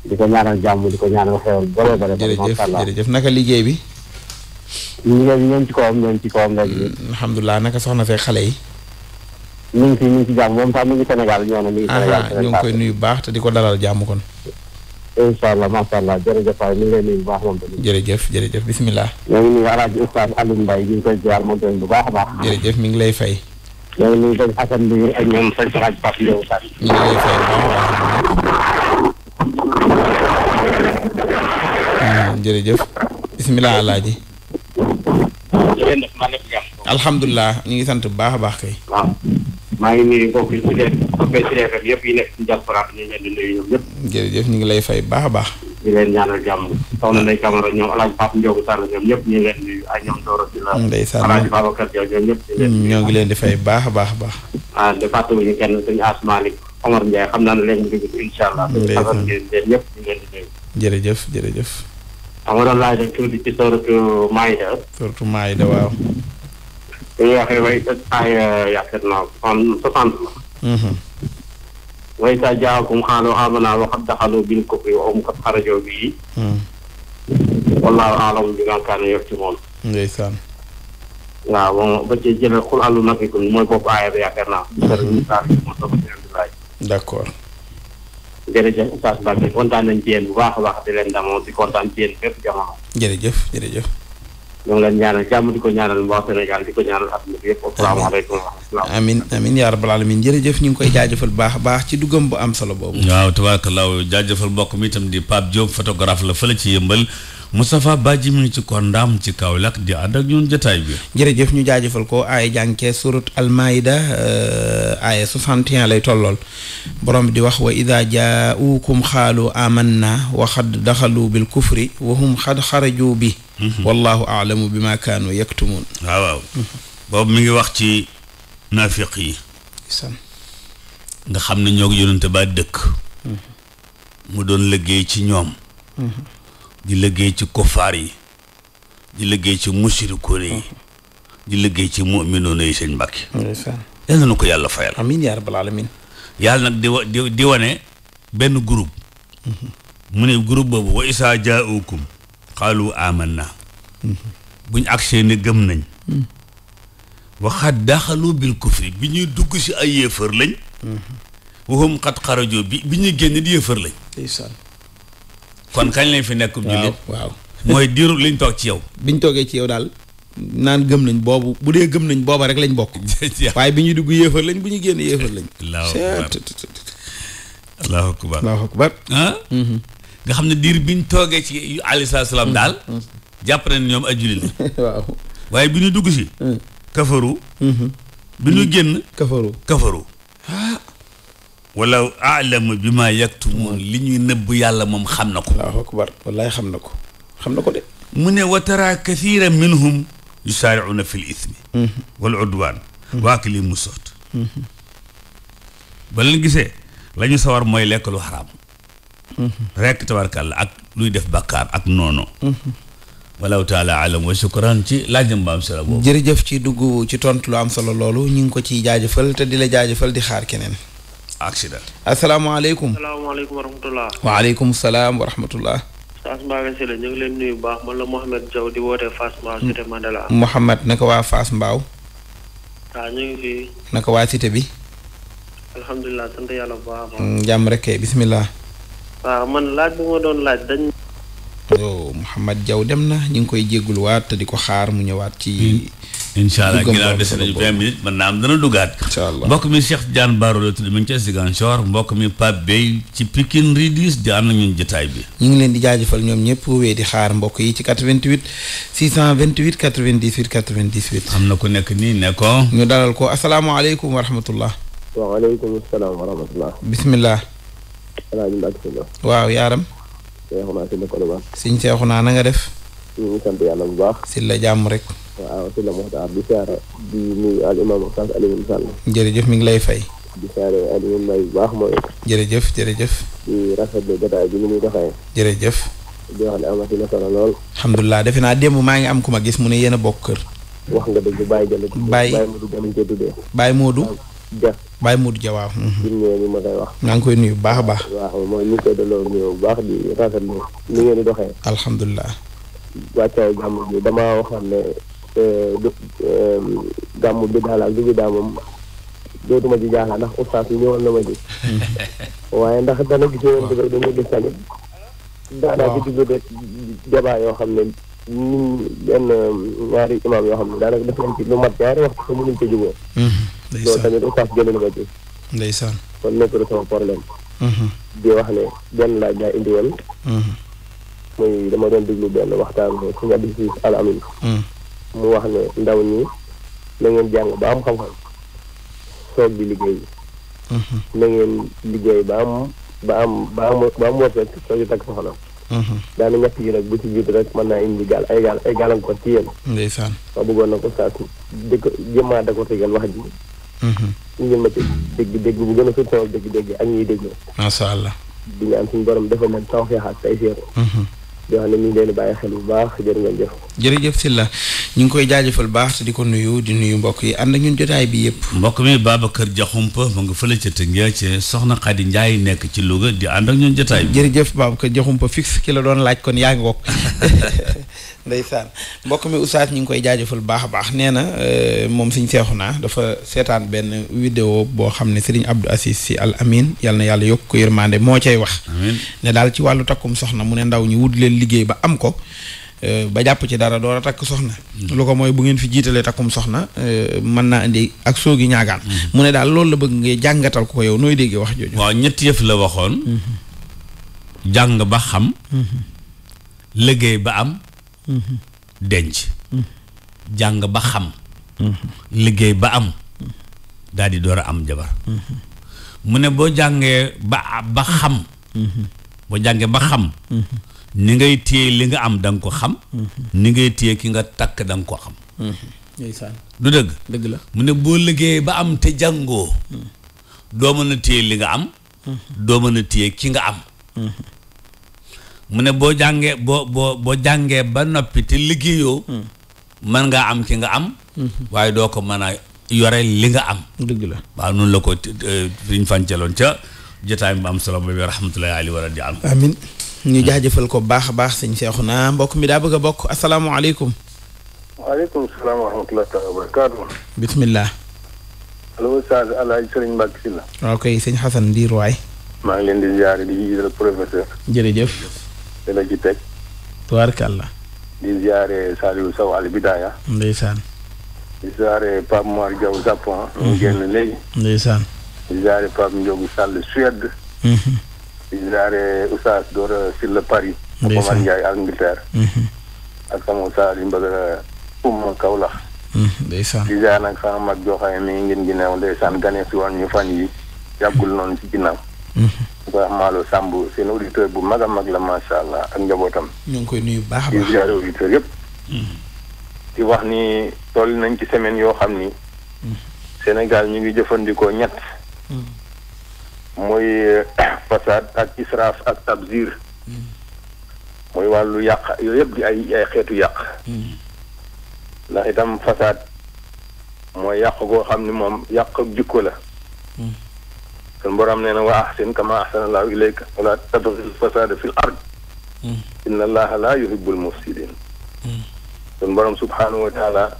Speaker 6: di ko ñaanal jàmm di ko ñaanal
Speaker 4: xewal bële bële. jërëjëf liggéey bi. ñu ngi leen ñoom ci kawam ñoom ci kawam léegi. Mm, alhamdulilah naka soxna fee xale yi.
Speaker 6: ñu ngi fi ñu ngi ci jàmm moom sax mu ngi ñoo
Speaker 4: na. ñu ngi Sénégal ngi koy nuyu baax te di ko dalal jàmm kon.
Speaker 6: incha allah macha allah jërëjëf waaye mi ngi lay nuyu bu
Speaker 4: jërëjëf jërëjëf bisimilah.
Speaker 6: ñoo ngi nuyu alaaji ustaas Alioune Mbaye ñu ngi koy ziar moom baax a baax. jërëjëf ngi lay fay. ñoo ngi nuyu bi ak ñoom ñu ngi lay fay bu baax
Speaker 4: a baax. jërëjëf hmm, bisimilah alhamdulilah ñu ngi sant bu baax a baax kay. waaw maa ngi nuyu mbokk yi ci
Speaker 6: FM yëpp yi nekk ci diaspora ñu leen ñu ngi lay fay baax a baax. di leen ñaanal jàmm soxna Ndeye Camara ñoom El Hadj Pape ñëpp ñu ngi leen nuyu ak ñoom Doro Sylla. ndeysaan El Hadj Babacar ñoo ngi leen di mm, fay baax a baax a baax. ah de fàttali ñu kenn suñu asmaalik Omar Ndiaye xam naa ne leen di dugg incha allah. xam nga da laaj rek tuuti ci sooratu Maïda. sooratu Maïda waaw. bu ñu waxee way ay yaakaar naa soixante la. way sa jaakum xaalu amanaa wa qad daxalu bil kufri wa hum qad xarajoo bii. wallaahu aalam bi ma kaanu waaw moom ci jëlee xul àllu nafikum mooy bopp aaya bi yaakaar naa. d' accord. jërëjëf Oustaz Mbacké kontaan nañ ci bu baax a baax di leen ndamoo di kontaan ci yéen jërëjëf jërëjëf. ñu ngi leen ñaanal jàmm di ko ñaanal mbaa Sénégal di ko ñaanal adduna bi yëpp. asalaamaaleykum wa
Speaker 4: rahmatulah. amiin amiin yaa rabbal aalamiin jërëjëf ñu ngi koy jaajëfal baax a baax ci duggam bu am solo boobu. waaw
Speaker 3: tabaarakallaah jaajëfal bokk mi itam di Pape Diop photographe la fële ci yëmbal Moustapha Badji mu ngi ci kondaam ci Kaolack di ànd ak ñun jotaay bi. jërëjëf
Speaker 4: ñu jaajëfal ko ay jànkee surat almaida aya 61 lay tollool borom bi di wax wa ida jaaukum xaalu amanna wa xad daxalu bil kufri bi mhm. wallahu aalamu waaw mhm.
Speaker 3: boobu mi ngi wax ci naafiq yi nga xam ne ñoo ngi yonente baa dëkk mhm. mu doon liggéey ci ñoom di liggéey ci kuffaar yi di liggéey ci musirikoon yi di liggéey ci mu'minoona yi sëñ Mbàkke yal na ko yàlla fayal amiin yaa rabbal alamin yàlla nag di wa di wane benn group mu ne group boobu wa isaa jaa'ukum qaalu amanna buñ agsee ne gëm nañ waxaat daxalu bil kufri bi ñuy dugg si ay yéefar lañ wa hum xarajoo bi bi ñuy génn di yéefar lañ kon kañ lañ fi nekkum jullit waaw mooy diiru liñ toog ci yow biñ toogee ci yow daal naan gëm nañ boobu
Speaker 4: bu dee gëm nañ booba rek lañ bokk waaye bi ñuy dugg yéefar lañ bu ñu génn yéefar lañ
Speaker 3: allahu akbar nga xam ne diir biñ toogee ci alayhi salaam mm-hmm. daal mm-hmm. jàpp nañ ñoom ay jullit la waaw waaye bi ñu dugg si mm. kafaru mm-hmm. bi ñu génn kafaru kafaru ah, wala alama bi ma yaktumun li ñuy nëbb yàlla moom xam na ko allahu akbar wallaay xam na ko xam na ko de mu ne wa tara kathira minhum yusaari'una fi na ithmi wal udwan wa aklihimu suht ba leen gisee sawar mooy lekk lu xaraam rekk ak luy def bàkkaar ak noono wallahu taala alam wa shukran ci laajam ba am solo boobu jërëjëf ci dugg ci tontu lu am solo loolu ñu ngi ko ciy jaajëfal te di la jaajëfal di xaar keneen accident.
Speaker 4: asalaamaaleykum.
Speaker 2: asalaamaaleykum wa rahmatulah.
Speaker 4: waaleykum salaam wa rahmatulah.
Speaker 2: Sass Mbaye Sylla ñu ngi leen nuyu bu baax man la Mouhamed Diaw di woote Fass Mbao cité Mandela. Mouhamed
Speaker 4: waa Fass Mbao.
Speaker 2: a baax. Mm,
Speaker 4: jàmm rek kay bisimilah.
Speaker 2: waaw man ma doon laaj dañ
Speaker 4: yow Mouhamed Diaw dem na ñu ngi koy waat te di ko xaar mu ñëwaat ci. incha allah ginnaaw dese nañu
Speaker 3: vingt minutes mën naa am dana duggaat. incha allah mbokk mi Cheikh Diane Baro la tudd mi ngi ca Ziguinchor mbokk mi di am na ñun jotaay bi. ñu ngi leen di jaajëfal ñoom
Speaker 4: ñëpp wee di xaar mbokk yi ci 88 628 98 98. am na ko nekk nii ne ñu dalal ko asalaamaaleykum wa rahmatullah.
Speaker 6: waaleykum salaam wa rahmatullah.
Speaker 4: bisimilah. waaw yaaram.
Speaker 6: Seexuna si la Colobane.
Speaker 4: sëñ Seexuna na nga def. ñu
Speaker 6: yàlla bu baax. si la jàmm rek. waaw si la Moxtaar di siyaare di nuyu al imam Oustaz mi ngi lay fay. di siyaare Alioune Mbaye bu baax mooy. jërëjëf jërëjëf. di rafetlu jotaay bi ni muy doxee. jërëjëf. di wax ne amati na solo lool.
Speaker 4: alhamdulilah defe naa démb maa ngi am ku ma gis mu ne yéen bokk kër.
Speaker 6: wax nga dëgg Baye Jalle. Baye Baye Modou Baye Modou. def
Speaker 4: Baye Modou Dia waaw. Mhm. ma koy wax. maa ngi koy nuyu bu baax baax.
Speaker 6: waaw mooy ñu ngi koy delloo nuyu bu baax di rafetlu ni ngeen di doxee.
Speaker 4: alhamdulilah.
Speaker 6: wàccaay gàmm bi damaa waxoon ne euh, euh, gàmm bi daal ak bi daal moom dootuma ji. waaye ndax dana gis ngeen dëgg dañuy gis tamit. waaw daanaka ci dugg yoo xam ne ñun benn euh, ñaari imaam yoo xam ne daanaka def nañ ci lu mat ñaari waxtu te mënuñ ci jugoo. Mhm. loolu tamit oustaz jëlee ko ci. ndeysaan kon nekkul sama problème. Mhm. di wax ne benn laaj laa indi mhm. muy dama doon déglu benn waxtaan bi suñu Abdou Cissé Al mhm. mu wax ne ndaw ñi na jàng ba am xam-xam soog di liggéey. na ngeen liggéey ba am ba am ba am ba am wërsëg soog takk soxna. daana ñett yi nag bu ci jiitu rek mën naa indi gaal ay gaal ay gàllankoor ci yéen. ndeysaan ma bëggoon na ko saa jëkk jëmmaa da ko tegal wax ji. Mm-hmm. ñu ngi ma ci dégg dégg bu gën a suuxal dégg dégg ak ñuy déglu. macha allah. di ñaan suñu borom defal leen tawfeex ak mm-hmm. ñu ngi bàyyi xel bu baax jërë ngeen jëf.
Speaker 4: jërëjëf ñu ngi koy jaajëfal baax te di ko nuyu
Speaker 3: di nuyu mbokk yi ànd ak ñun jotaay bi yëpp. mbokk mi kër Diakhoumpa mu ngi fële ca Tëngéej ci soxna Khady Ndiaye nekk ci Louga di ànd ak ñun jotaay bi. jërëjëf Babacar Diakhoumpa fixe ki la doon laaj kon yaa ngi wokk
Speaker 4: ndeysaan mbokk mi Oustaz ñu ngi koy jaajëfal baax a baax nee na euh, moom Sëriñ naa dafa seetaan benn vidéo boo xam ne Sëriñ Abdou Aziz Sy Al Amine yal na yàlla yokk ko yërmande moo cay wax. ne daal ci wàllu takkum soxna mu ne ndaw ñi wut leen liggéey ba am ko. Euh, ba jàpp ci dara door a takk soxna. Mm. lu ko mooy bu ngeen fi jiitalee takkum soxna euh, mën naa indi ak soo gi ñaagaan. Mm-hmm. mu ne daal loolu la bëgg ngay jàngatal ko yow nooy déggee wax
Speaker 3: jooju. waaw ñetti yëf la waxoon. Mm-hmm. ba xam. Mm-hmm. ba am. denc jàng ba xam liggéey ba am daal di door a am jabar mu ne boo jàngee ba ba xam boo jàngee ba xam ni ngay téye li nga am da ko xam ni ngay téye ki nga takk da nga ko xam du dëgg dëgg la mu ne boo liggéeyee ba am te jàngoo doo mën a téye li nga am doo mën a téye ki nga am mu ne boo jàngee boo boo boo jàngee ba noppi te liggéeyoo hmm. mën ngaa am ci nga am hmm. waaye doo ko mën a yore li nga am dëgg la waaw noonu la ko liñ eh, fànceloon ca jotaay bu solo bi rahmatullahi alayhi wa radi
Speaker 4: anhu ñu jaajëfal ko baax a baax sëñ seexu naa mbokk mi daa bëgg a bokk asalaamaaleykum
Speaker 3: waaleykum salaam wa rahmatullahi taala wa
Speaker 10: barakaatu bismillah allo Oustaz Alaaji Sëriñ Mbàkke Sylla
Speaker 4: waaw Ndiir waay
Speaker 6: maa ngi leen di ziare di jiital professeur jërëjëf te la ci teg. tubaarkàlla. di ziare Saliou Sow al Bidaya. ndeysaan. di ziare Pape Mor Diaw Japon. mu mhm. génn léegi. ndeysaan. di ziare Pape Ndiogu Sall Suède. Mhm. di ziare Oustaz Dora Sylla Paris. ndeysaan Omar Ndiaye Angleterre. Mhm. ak sama Oustaz di Mbaga Ouma Kaolack. ndeysaan di ziare nag sama mag joo xam ne mi ngi ginaaw ndeysaan gane si woon ñu fan yi yàggul noonu ci ginnaaw. Mm-hmm. bu ko Samb seen auditeur bu mag a mag la macha allah ak njabootam.
Speaker 4: ñu ngi koy nuyu bu
Speaker 6: baax a baax mm-hmm. wax ni toll nañ ci semaine yoo xam ni. Mm-hmm. Sénégal ñu ngi jëfandikoo ñett. mooy eh, fasaad ak israaf ak tabzir. mooy wàllu yàq yooyu yëpp di ay ay xeetu yàq. ndax itam mooy yàq koo xam ni moom yàq jikko la. suñu borom nee na wa ahsin kama ahsana allahu ilayka wala tabghi fasada fil ard hmm. inna allaha la yuhibbul mufsidin suñu hmm. borom subhaanahu wa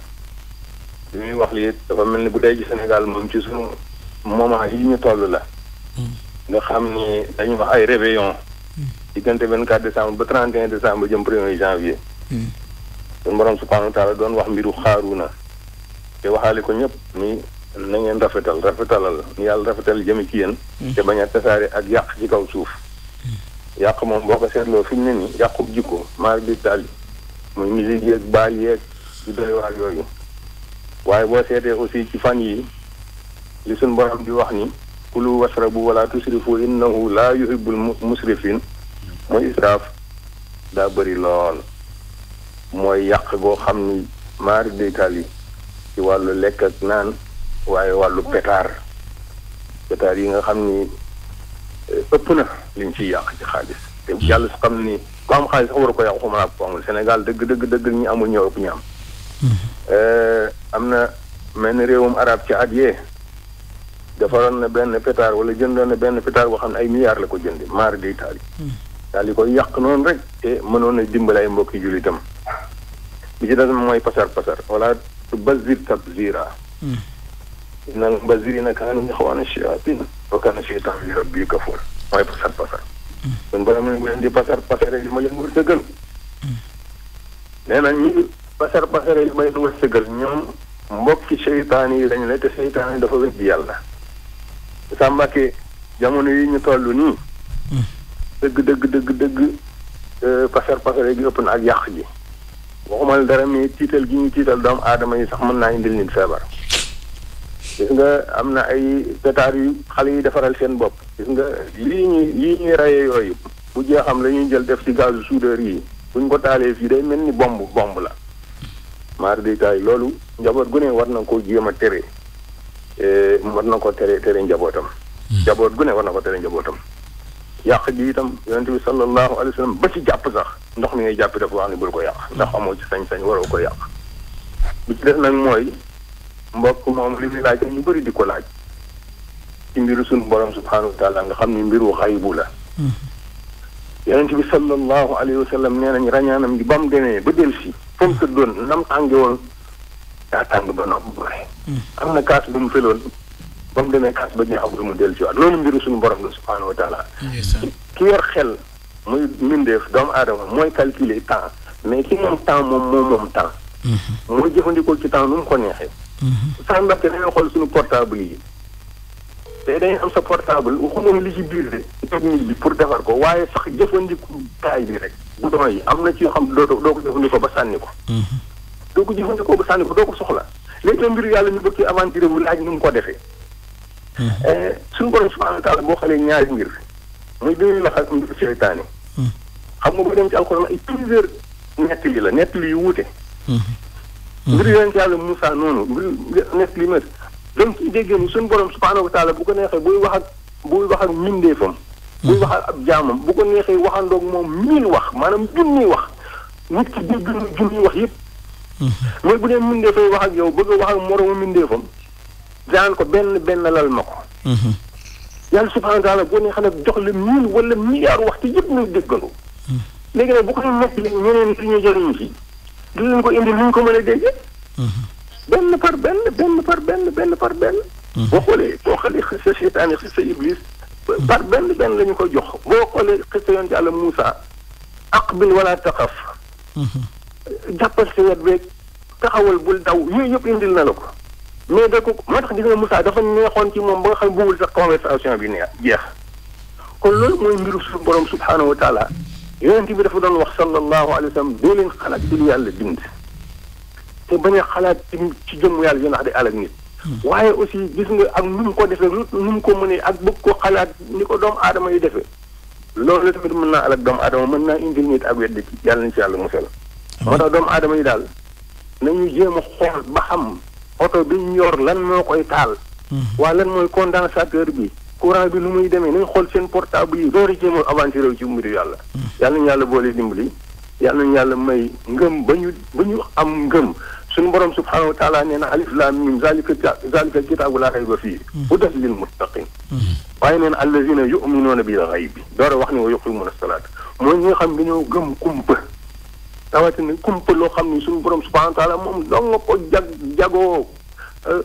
Speaker 6: mu li wax lii dafa mel ni bu dee ci moom ci suñu moment yi ñu toll la hmm. nga xam ni dañu wax ay réveillon diggante vingt quatre décembre ba trente et un décembre jëm premier janvier suñu borom subhaanahu wa doon wax mbiru xaaruna te waxaale ko ñëpp muy na ngeen rafetal rafetalal yàlla rafetal jëme ci yéen. Mm. te bañ a tasaare ak yàq ci kaw suuf. Mm. yàq moom boo ko seetloo fi mu ne nii yàqub jikko maar bi taal muy musique yeeg baal yeeg di doy yooyu waaye boo seetee aussi ci fan yi li suñ borom di wax ni kulu wasrabu wala tusrifu innahu laa yuhibbul musrifin mooy israaf daa bëri lool mooy yàq goo xam ni maar bi taal yi ci wàllu lekk ak naan waaye wàllu pétard pétard yi nga xam ni eh, ëpp na liñ ci yàq ci xaalis te hmm. yàlla xam ni ku am xaalis sax war ko yàqu xuma naa ko dëgg dëgg dëgg amul ñoo ñu am hmm. eh, am na mel ni réewum arab ci at yee defaroon na benn pétard wala jëndoon na benn pétard boo xam ne ay milliards la ko jënd maar di taali hmm. daal di koy yàq noonu rek te mënoon a dimbali ay mbokki jullitam bi ci des mooy pasar pasar wala tu bazir tabzira inna al-mubazirina kaanu ikhwaana shayaatiin wa kaana shaytaanu li rabbihi kafuura mooy pasar pasar. kon balaa ma ne bu leen di pasar pasare li ma leen war sëgal. nee na ñi pasar pasare ma leen war sëgal ñoom mbokki seytaan yi lañu ne te seytaan dafa weddi yàlla. sàmbake jamono yi ñu toll nii. dëgg dëgg dëgg dëgg e, pasar pasare gi ëpp na ak yàq ji. waxumal dara mais tiital gi ñu tiital doomu aadama yi sax mën naa indil nit feebar. gis nga am na ay pétard yu xale yi defaral seen bopp gis nga lii ñuy lii ñuy reye yooyu bu jeexam la ñuy jël def ci gazu soudeur yi buñ ko taalee fii day mel ni bomb bomb la maar di taay loolu njaboot gu ne war na ko jéem a tere e, war na ko tere tere njabootam hmm. njaboot gu ne war na ko tere njabootam yàq gi itam yonente bi sallallahu alayhi wa ba ci jàpp sax ndox mi ngay jàpp dafa wax ni bul ko yàq ndax amoo ci sañ-sañ waroo ko yàq bu ci def nag mooy mbokk moom li muy laaj ñu bëri di ko laaj ci mbiru suñu borom subhaanahu wa taala nga xam ni mbiru xaybu la yonent bi sallallahu alayhi wa sallam nee nañ rañaanam gi ba mu demee ba delsi fa mu tëddoon nam tànge woon daa tàng ba nopp bare am na kaas bu mu feloon ba mu demee kaas ba jeexagul mu delsi waat loolu mbiru suñu borom la subhaanahu wa taala ki yor xel muy mbindeef doomu aadama mooy calculer temps mais ki moom temps moom moom moom temps mhm. mooy ci temps nu mu ko neexee sax ndaxte dañoo xool suñu portable yi. te dañuy am sa portable waxuma li ci biir de technique bi pour defar ko waaye sax jëfandiku taay bi rek. bouton yi am na ci yoo xam doo doo ko ba sànni ko. doo ko jëfandikoo ba sànni ko doo ko soxla léegi nag mbir yàlla ñu bëgg ci aventure bu laaj nu mu ko defee. Eh, suñu borom subhanahu wa taala boo xoolee ñaari mbir muy déglu la ak mbir seytaane. xam nga ba dem ci alxuraan ay plusieurs nett li la nett li yu wuute. mbir yonent yàlla Moussa noonu mbir nekk li mét donc ci déggee ni suñu borom subhaanahu wa bu ko neexee buy wax ak buy wax ak mindeefam buy wax ak ab bu ko neexee waxandoog moom mille wax maanaam junniy wax nit ki dégg na junniy wax yépp mooy bu dee mindeefay wax ak yow bëgg a wax ak moroomu mindeefam daan ko benn benn lal ma ko yàlla subhaanahu wa taala boo nee xam ne jox la mille wala milliard wax te yëpp ñu déggandoo léegi nag bu ko nekk ñeneen si ñu jëriñu si du leen ko indi lu ñu ko mën a mhm. benn par benn benn par benn benn par benn. Mhm. boo xoolee boo xoolee sa seytaan yi mhm. par benn benn lañu ko jox boo xoolee xista yoon ci àlla Moussa. aqbil wala taqaf. jàppal si wet beeg taxawal bul daw yooyu yëpp indil na la ko. mais da ko moo tax gis nga Moussa dafa neexoon ci moom ba nga xam ne bëggul conversation bi neex jeex kon loolu mooy mbiru suñu borom subhaanahu wa yonent bi dafa doon wax sallallahu alayhi wa sallam doo leen xalaat ci lu yàlla bind te bañ a xalaat ci jëmm yàlla yéen a di alal nit. Hmm. waaye aussi gis nga ak nu mu ko defee nu mu ko mënee ak bëgg ko xalaat ni ko doomu aadama yi defe loolu tamit mën naa alal doomu aadama mën naa indil nit ak wedd ci yàlla nañ ci yàlla musal. Hmm. moo tax doomu aadama yi daal nañu jéem a xool ba xam oto bi ñu yor lan moo koy taal. Hmm. waa lan mooy kon condensateur bi. courant bi nu muy demee nañ xool seen portable yi door a jéem a avancé réew ci mbiru yàlla. Hmm. yàlla nañu yàlla boole dimbali. yàlla nañu yàlla may ngëm ba ñu ba ñu am ngëm suñu borom subhaanahu wa taala nee na alif daal miim zaalika zaalika kitaabu laa rayba fiihi hmm. hudan lil muttaqiin. Hmm. waaye nee na allaziina yu'minuuna bil ghaybi door a wax ne wa yuqiimuuna salaata mooy ñi nga xam dañoo gëm kumpa. rawatina kumpa loo xam ne suñu borom subhaanahu wa taala moom dong nga ko jag jagoo euh,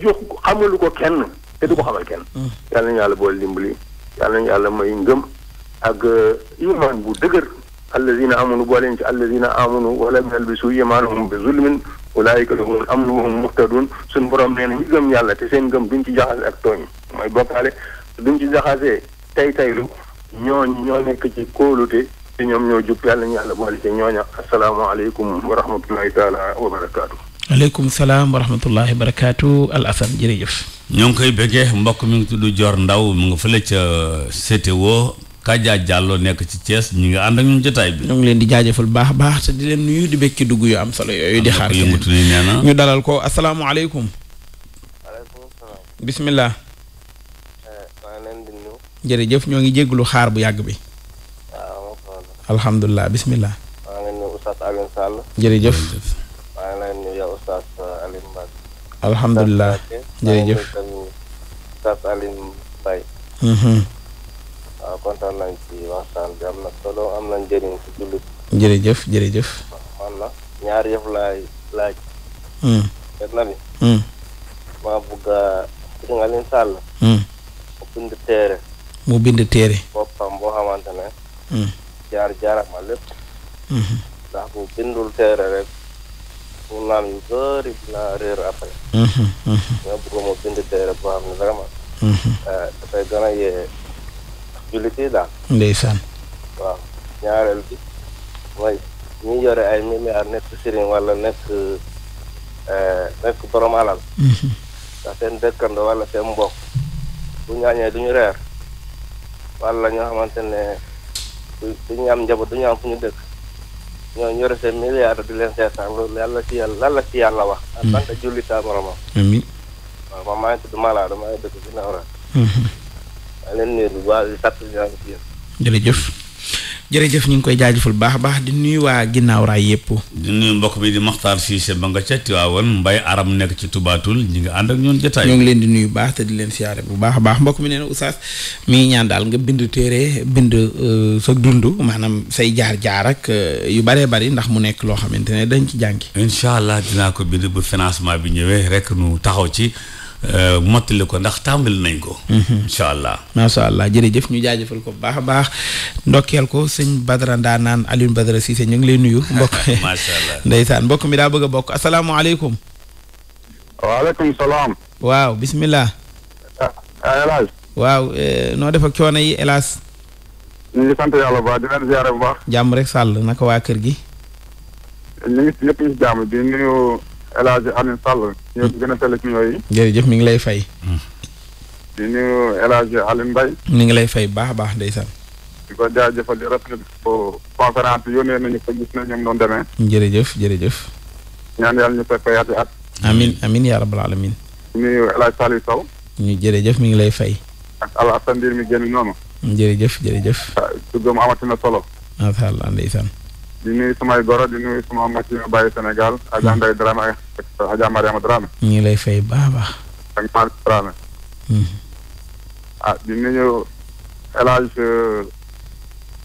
Speaker 6: jox xamalu ko kenn. te du ko xamal kenn. Mm. yàlla nañu yàlla boole dimbali yàlla nañu yàlla may ngëm ak euh, iman bu dëgër. allazina amanu boole ñu ci allazina amanu wala min albisu imanahum bi zulmin ulaayika lahumul amnu wahum muhtadun suñu borom nee na ñu yàlla te seen ngëm duñ ci jaxase ak tooñ mooy bokkaale duñ ci jaxasee tay lu ñooñu ñoo nekk ci kóolute te ñoom ñoo jub yàlla ñu yàlla boole ci ñooña asalaamaaleykum wa rahmatullahi taala wa barakaatu.
Speaker 4: aleykum salaam wa rahmatullahi barakaatu jërëjëf.
Speaker 3: ñoo ngi koy bëggee mbokk mi ngi tudd Dior Ndaw mu nga fële ca CTO Kaja Diallo nekk ci Thiès ñu ak ñun jotaay bi. ñu ngi leen di jaajëfal baax a baax te di leen nuyu di bekki dugg yu am solo yooyu. di xaar ñu dalal ko asalaamualeykum.
Speaker 9: waaleykum salaam. bisimilah. Eh, maa
Speaker 4: ngi leen ñoo ngi jégalu xaar bu yàgg bi. waaw. Ah, alhamdulilah bisimilah.
Speaker 9: maa ngi jërëjëf. maa ngi lay nuyu Oustaz euh, alhamdulilah jërëjëf Oustaz Alioune Mbaye. Mm-hmm. ñaar yëf laay laaj. Mm. dégg na ni. Mm. maa bugg a mm. mu bind téere.
Speaker 4: mu bind téere.
Speaker 9: boppam boo xamante ne. jaar jaaram lépp. Mm-hmm. ndax bindul téere rek. pour naan yu bëri dinaa réer après.
Speaker 8: ñoo
Speaker 4: mhm, mhm.
Speaker 9: bëgg mu bind téere boo xam ne vraiment. Mhm. Euh, dafay gën a yee jullit yi daal. ndeysaan. waaw ñaareel bi mooy ñi yore ay milliards nekk sëriñ wala nekk euh, nekk borom alal. ndax seen dëkkandoo wala seen bu ñaañee du ñu reer wala ñoo xamante ne du ñu am njaboot du fu ñu dëkk. ñoo yore seen milliards di leen seetaan loolu yàlla ci yàlla lan la ci yàlla wax. Mm. en tant que jullitaa moromam. amiin. waaw man maa ngi tudd Mala damaa dëkk ci Nawra. Mm-hmm. maa leen nuyu ma baax di fàttali ñu naan ci
Speaker 4: yéen. jërëjëf ñu ngi koy jaajëfal baax baax di nuyu waa ginnaaw raay yëpp.
Speaker 3: di nuyu mbokk mi di Makhtar Cissé ba nga ca Tiwaawan mbay aram nekk ci tubaatul ñu ngi ànd ak ñoom jotaay. ñoo ngi leen di nuyu baax te di leen siyaare bu baax a baax mbokk mi nee na oustaz mi
Speaker 4: ñaan daal nga bind téere bind euh, sa dund maanaam say jaar jaar ak euh, yu baree
Speaker 3: bari ndax mu nekk loo xamante ne dañ ci jàngi. incha allah dinaa ko bind bu financement bi ñëwee rek nu taxaw ci. Euh, mottali ko ndax tàmbali nañ ko. Mhm. incha allah macha allah jërëjëf ñu jaajëfal ko bu baax a baax
Speaker 4: ndokkeel ko sëñ naan Ndanaan Alioune Badara Cissé ñu ngi lay nuyu. mbokk macha allah ndeysaan mbokk mi daa bëgg a bokk asalaamaaleykum. waaleykum salaam. waaw bisimilah. Ah, eh, noo def ak coono yi hélas.
Speaker 6: ñu ngi sant yàlla bu
Speaker 4: baax jàmm rek sàll naka waa kër gi.
Speaker 7: ñu ngi si ñu si El Hadj Alioune Sall. ñoo mm. gën a
Speaker 4: jërëjëf mi ngi lay fay.
Speaker 7: di nuyu El Hadj Alioune Mbaye. ngi lay fay baax a baax ndeysaan. di ko jaajëfal di rafetlu ko conférence bi yónnee nañu ko gis na ñoom doon demee.
Speaker 4: jërëjëf jërëjëf.
Speaker 7: ñaan yàlla ñu fekk yaati at.
Speaker 4: amin amin yaa rabbal alamin.
Speaker 7: di nuyu El Hadj Saliou Sow.
Speaker 4: ñu jërëjëf mi ngi lay fay.
Speaker 7: ak Alassane Ndir mi génn noonu.
Speaker 4: jërëjëf jërëjëf. ah
Speaker 7: tuddum amati na solo.
Speaker 4: macha allah ndeysaan.
Speaker 7: di nuyu samay goro di nuyu sama mag yi bàyyi Sénégal hmm. Adja Ndeye Dramé ak Adja Mariama Dramé.
Speaker 4: ñu ngi lay fay baax a baax.
Speaker 7: ak Malick Dramé. Hmm. ah di nuyu El Hadj euh,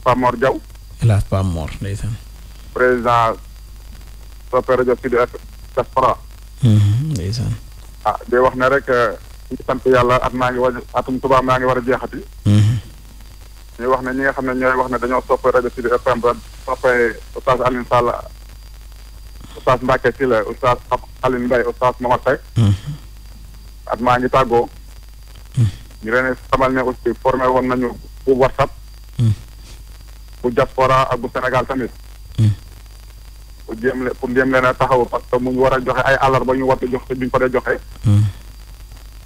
Speaker 7: Pamor président soppe rajo Sud Diaspora.
Speaker 4: Hmm, ndeysaan.
Speaker 7: ah wax na rek ñu euh, sant yàlla at maa ngi war atum tubaab maa ngi war a jeexati. ñu wax ne ñi nga xam ne ñooy wax ne dañoo sopp rajo Sud FM ba soppee oustaz Alioune Sall oustaz Mbacke Sylla oustaz Alioune Mbaye oustaz Momar Seck hmm. at maa ngi tàggoo hmm. ñu leen xamal ne aussi formé woon nañu bu WhatsApp hmm. bu diaspora ak bu Sénégal tamit pour jéem leen pour jéem leen a taxaw parce que mu war a joxe ay àllarba ñu war a joxe duñ ko dee joxe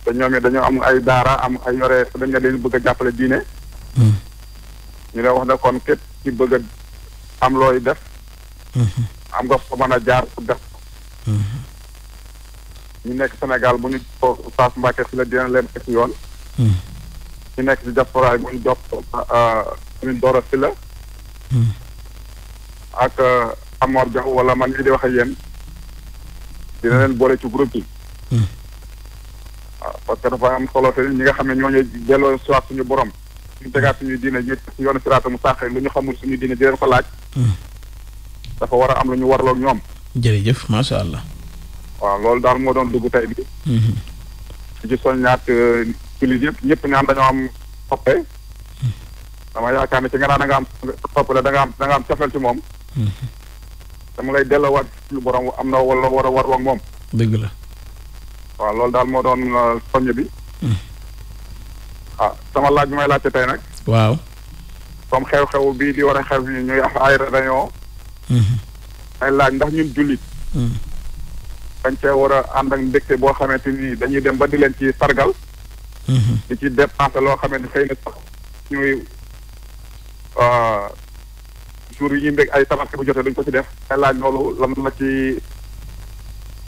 Speaker 7: te ñoom it dañoo am ay daara am ay yore dañ leen bëgg a jàppale diine ñu lay wax ne kon képp ci bëgg am looy def. Mhm. am nga fa mën a jaar pour def mhm. ñu nekk senegal bu ñu ko Oustaz Mbacké la dina leen teg yoon. Mhm. ñu nekk si diaspora bu ñu jox euh, ñu Doro si la. ak euh, Amor Diaw wala man mii di wax ak yéen dina leen boole ci groupe yi. waaw parce que dafa am solo te ñi nga xam ne ñoo ñuy delloo soit suñu borom. suñu tegaat suñuy diine ji yoonu siraata mu sàq lu ñu xamul suñu diine di leen ko laaj. Hmm. dafa war a am lu ñu warloog ñoom.
Speaker 4: jërëjëf macha allah.
Speaker 7: waaw loolu daal moo doon dugg tey bi. Hmm. di ci soññaat euh, jullit yëpp ñëpp ñaan dañoo am soppe. Hmm. dama yaakaar ne ci naan da am soppe la am da am cofeel moom. dama lay delloowaat lu borom am na wala war a warloog moom. dëgg la. loolu daal moo doon euh, soññ bi. ah sama laaj mooy laajte tey nag. waaw. comme xew-xew bii di war a xew ñu ñuy ay réunion. Mm-hmm. ay laaj ndax ñun jullit. Mm-hmm. dañ cee war a ànd ak mbégte boo xamante ni dañuy dem ba di leen ci sargal. Mm-hmm. di ci dépensé loo xamante ni ah, jour yi ñuy ay tabaski bu jotee duñ ko ci def. ay laaj loolu lan na ci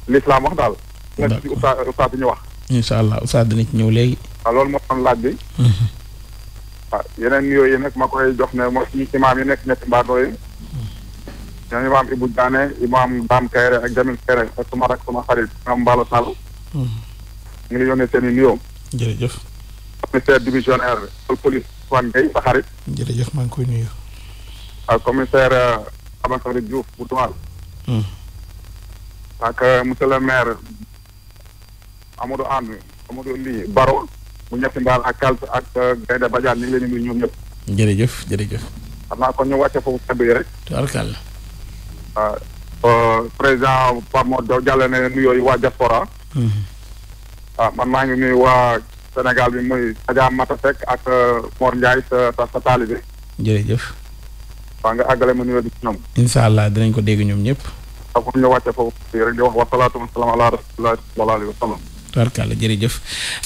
Speaker 7: lislaam wax daal. d' accord lan la ci ñu wax.
Speaker 4: incha allah ustaas dina ci ñëw léegi.
Speaker 7: waaw ah, loolu moo doon laaj bi. waaw mhm. ah, yeneen yooyu nag ma koy jox ne mooy suñu imaam yi nekk ñetti mbaatoo yi. ñooñu imaam Ibou Diané imaam Dame Kayre ak Jamil Kayre ak suma rak suma xarit imaam Mballo Sall. Mhm. ñu ngi yónnee seen commissaire divisionnaire de police Soane Gueye sa xarit.
Speaker 4: jërëjëf maa ngi koy nuyu. Ah, euh,
Speaker 7: mhm. ak commissaire Abassari Diouf bu Tumal. ak monsieur le maire Amadou Anne Amadou Ly Baro. bu ñetti ndaal ak kal ak euh, Gaynde Badiane ñu ngi leen di ñoom ñëpp.
Speaker 4: jërëjëf jërëjëf.
Speaker 7: xam naa kon ñu wàcce foofu kaddu yi rek. Euh, président Pape Mor Diaw jàll na nuyooyu waa mm-hmm. ah, maa ngi nuyu waa Sénégal bi muy Adja Mata Seck ak euh, Mor Ndiaye sa sa taalibe. jërëjëf. waa nga àggale ma nuyoo bi ci ñoom.
Speaker 4: incha allah dinañ ko dégg ñoom ñëpp.
Speaker 7: waaw kon ñu wàcce foofu rek di wax wasalaatu wasalaam ala rasulillah sallallahu alayhi wa
Speaker 3: tarkalla jërëjëf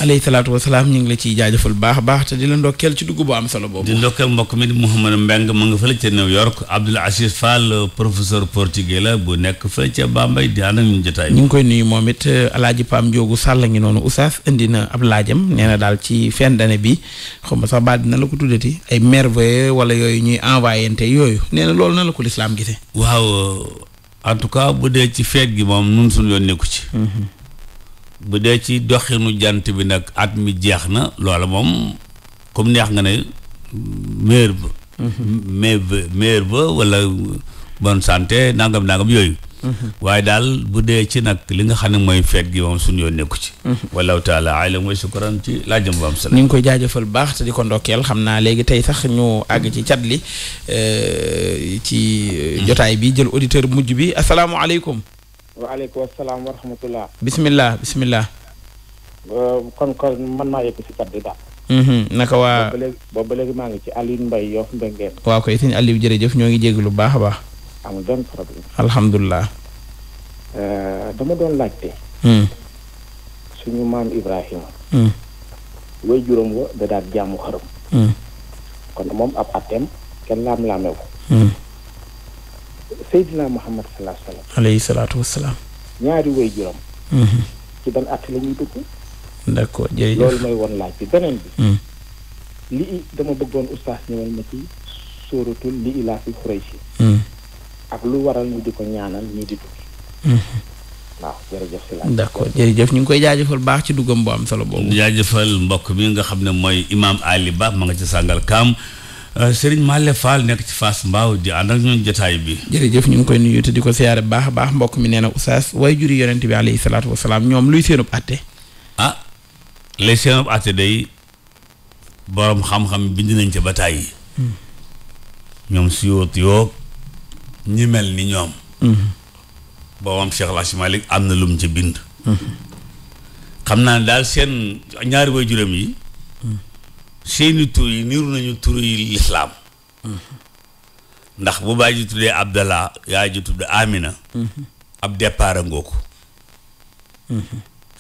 Speaker 4: alayhi salaatu wasalaam ñu ngi la ciy jaajëfal baax baax te di la ndokkeel ci dugg bu
Speaker 3: am solo boobu. di ndokkeel mbokk mi di Mouhamed Mbeng mu nga fële ca New York Abdoul Aziz Fall professeur portugais la bu nekk fële ca Bambey di ànd ak ñun jotaay ñu ngi
Speaker 4: koy nuyu moom it alaaji Pam Njoogu Sàll ngi noonu Oustaz indi na ab laajam nee na daal ci fin d'année bi xaw ma sax baat dina la ko tuddati ay merveille wala yooyu ñuy envoyé te yooyu nee na loolu na la ko lislaam gisee.
Speaker 3: waaw en tout cas bu dee ci feet gi moom nun suñu nekku ci. Mm-hmm. bu dee ci doxinu jant bi nag at mi jeex na loola moom comme neex nga ne meer ba meer mm-hmm. ba meer ba wala bonne santé nangam nangam yooyu mm-hmm. waaye daal bu dee ci nag li nga xam ne mooy feet gi moom suñu yoon nekku ci mm-hmm. wallahu taala alam su shukran ci laajam bu am solo ñu ngi koy jaajëfal baax te di ko ndokkeel xam naa
Speaker 4: léegi tey sax ñu àgg ci cat li euh, ci euh, jotaay bi jël auditeur mujj bi aleykum
Speaker 6: waaleykum salaam wa rahmatulah.
Speaker 4: bisimilah bisimilah.
Speaker 6: Euh, kon kon man naa yegg si kàddu daal.
Speaker 4: Mhm, naka waa
Speaker 6: boobu ba léegi maa ngi ci Aliou Mbaye Yoff Mbengeen.
Speaker 4: waaw koy sëñ Aliou jërëjëf ñoo ngi jégg lu baax a baax.
Speaker 6: amul benn problème.
Speaker 4: alhamdulilah.
Speaker 6: Euh, dama doon laajte. Hmm. suñu maam Ibrahima. Hmm. way juróom wa da daal jaamu xaram. Hmm. kon moom ab atem kenn laam-laamewu. Seydina Muhammad sallallahu alayhi wa sallam.
Speaker 4: alayhi salaatu wa salaam.
Speaker 6: ñaari way juróom. Mhm. ci ban at bi beneen bi. Mhm. lii dama bëggoon oustaz ñëwal ma ci sóoratul li ilaafi Qurayshi. Mhm. ak lu waral ñu di ko ñaanal ñii di dugg. waaw jërëjëf si ñu ngi koy
Speaker 3: jaajëfal baax ci duggam bu am solo boobu. jaajëfal mbokk bi nga xam ne mooy imaam Ali Ba ma nga ci sàngal kaam. Euh, Serigne Malle Fall nekk ci Fass Mbao di ànd ak ñun jotaay bi. jërëjëf ñu ngi
Speaker 4: koy nuyu te di ko siyaare bu baax a baax mbokk mi nee na oustaz way juri yonent bi alayhi salaatu wasalaam ñoom luy seenub àtte.
Speaker 3: ah lay seenub nañ ca hmm. ñoom siyoot yoog mel ni ñoom. Hmm. boobam Cheikh Lachi Malick am na lum ci bind. Hmm. xam naa ne daal seen ñaari way juram yi. seeni tur yi niru nañu tur yi lislaam ndax bu baay ji tuddee Abdallah yaay ji tudd Amina ab départ ngoo ko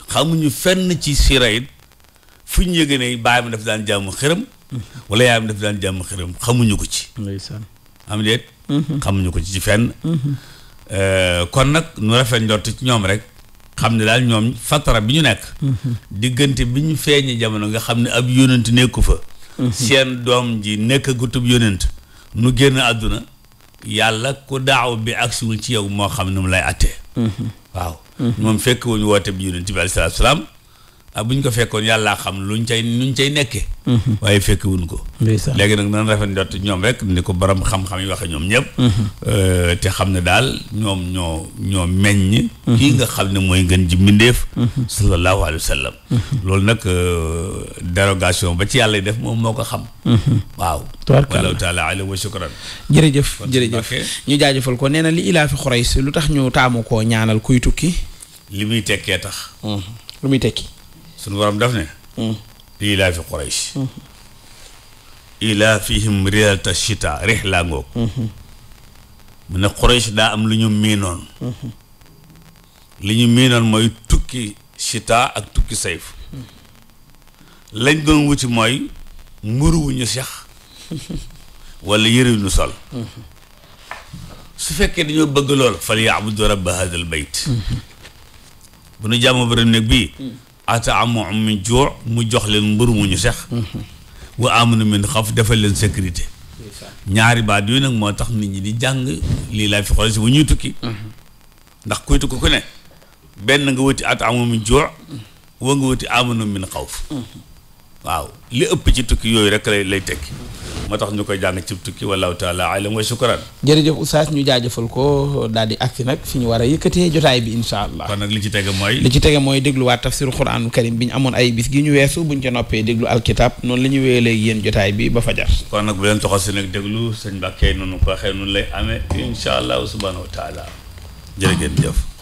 Speaker 3: xamuñu fenn ci siira it fu ñu yëgee ne baay ma daf daan jàmm xërëm wala yaay ma daf daan jàmm xërëm xamuñu ko ci ndeysaan am déet mhm. xamuñu ko ci fenn mhm. euh, kon nag nu rafet njort ci ñoom rek xam ne daal ñoom fatra bi ñu nekk diggante bi ñu feeñi jamono nga xam ne ab yónent nekku fa seen doom ji nekk gutub yónent mu génn àdduna yàlla ku daaw bi ak agsiwul ci yow moo xam ne mu lay attee mm-hmm. waaw moom fekk wuñu woote bi yónent bi alayhi salaatu salaam ah bu ñu ko fekkoon yàllaa xam luñ cay luñ cay nekkee. Mhm. waaye fekk wuñ ko. léegi nag nan rafet njort ñoom rek ni ko borom xam-xam yi waxee ñoom ñëpp. Mhm. Euh, te xam ne daal ñoom ñoo ñoo meññ. Mhm. kii nga xam ne mooy ngën ji mbindeef. sallallahu alayhi wa sallam. loolu nag euh, dérogation ba ci yàlla def moom moo ko xam. waaw. wallaahu taala alam wa shukran. jërëjëf jërëjëf ñu jaajëfal ko nee na li
Speaker 4: illaa fi Xurays lu tax ñu taamu koo ñaanal kuy tukki.
Speaker 3: li muy tekkee tax. lu muy tekki. suñu borom daf ne ilaa fi Quraysh ilaa fihim rihlata shita rix laa ngoog mu ne Quraysh daa am lu ñu miinoon li ñu miinoon mooy tukki shita ak tukki sayf lañ doon wuti mooy mburu ñu sex wala yëre wu ñu sol su fekkee dañoo bëgg lool fal yaabudu rabba hadal bayt bu ñu jàmm bërëm néeg bii at'amahum min juu' mu jox leen mburu mu ñu sex wa aamanahum min xawf defal leen sécurité ñaari baat yooyu nag moo tax nit ñi di jàng lii laay fi xool si bu ñuy tukki ndax kuy tukki ku ne benn nga wuti at'amahum min juu' wa nga wuti aamanahum min xawf waaw li ëpp ci tukki yooyu rek lay lay tekki moo tax ñu koy jàng cib tukki wallahu taala alam wa shukran
Speaker 4: jërëjëf oustaz ñu jaajafal ko daal di agsi nag fi ñu war a yëkkatee jotaay bi insha allah
Speaker 3: kon nag li ci tege mooy li
Speaker 4: ci tege mooy dégluwaat tafsiru quraanul karim bi ñu amoon ay bis gi ñu weesu buñ ca noppee déglu alkitab noonu la ñu wéyee léegi yéen jotaay bi ba fajar
Speaker 3: kon nag bu leen toxal si nag déglu sëñ Mbàkke noonu ko waxee noonu lay amee insha allah subhanahu wa taala jërëgéen jëf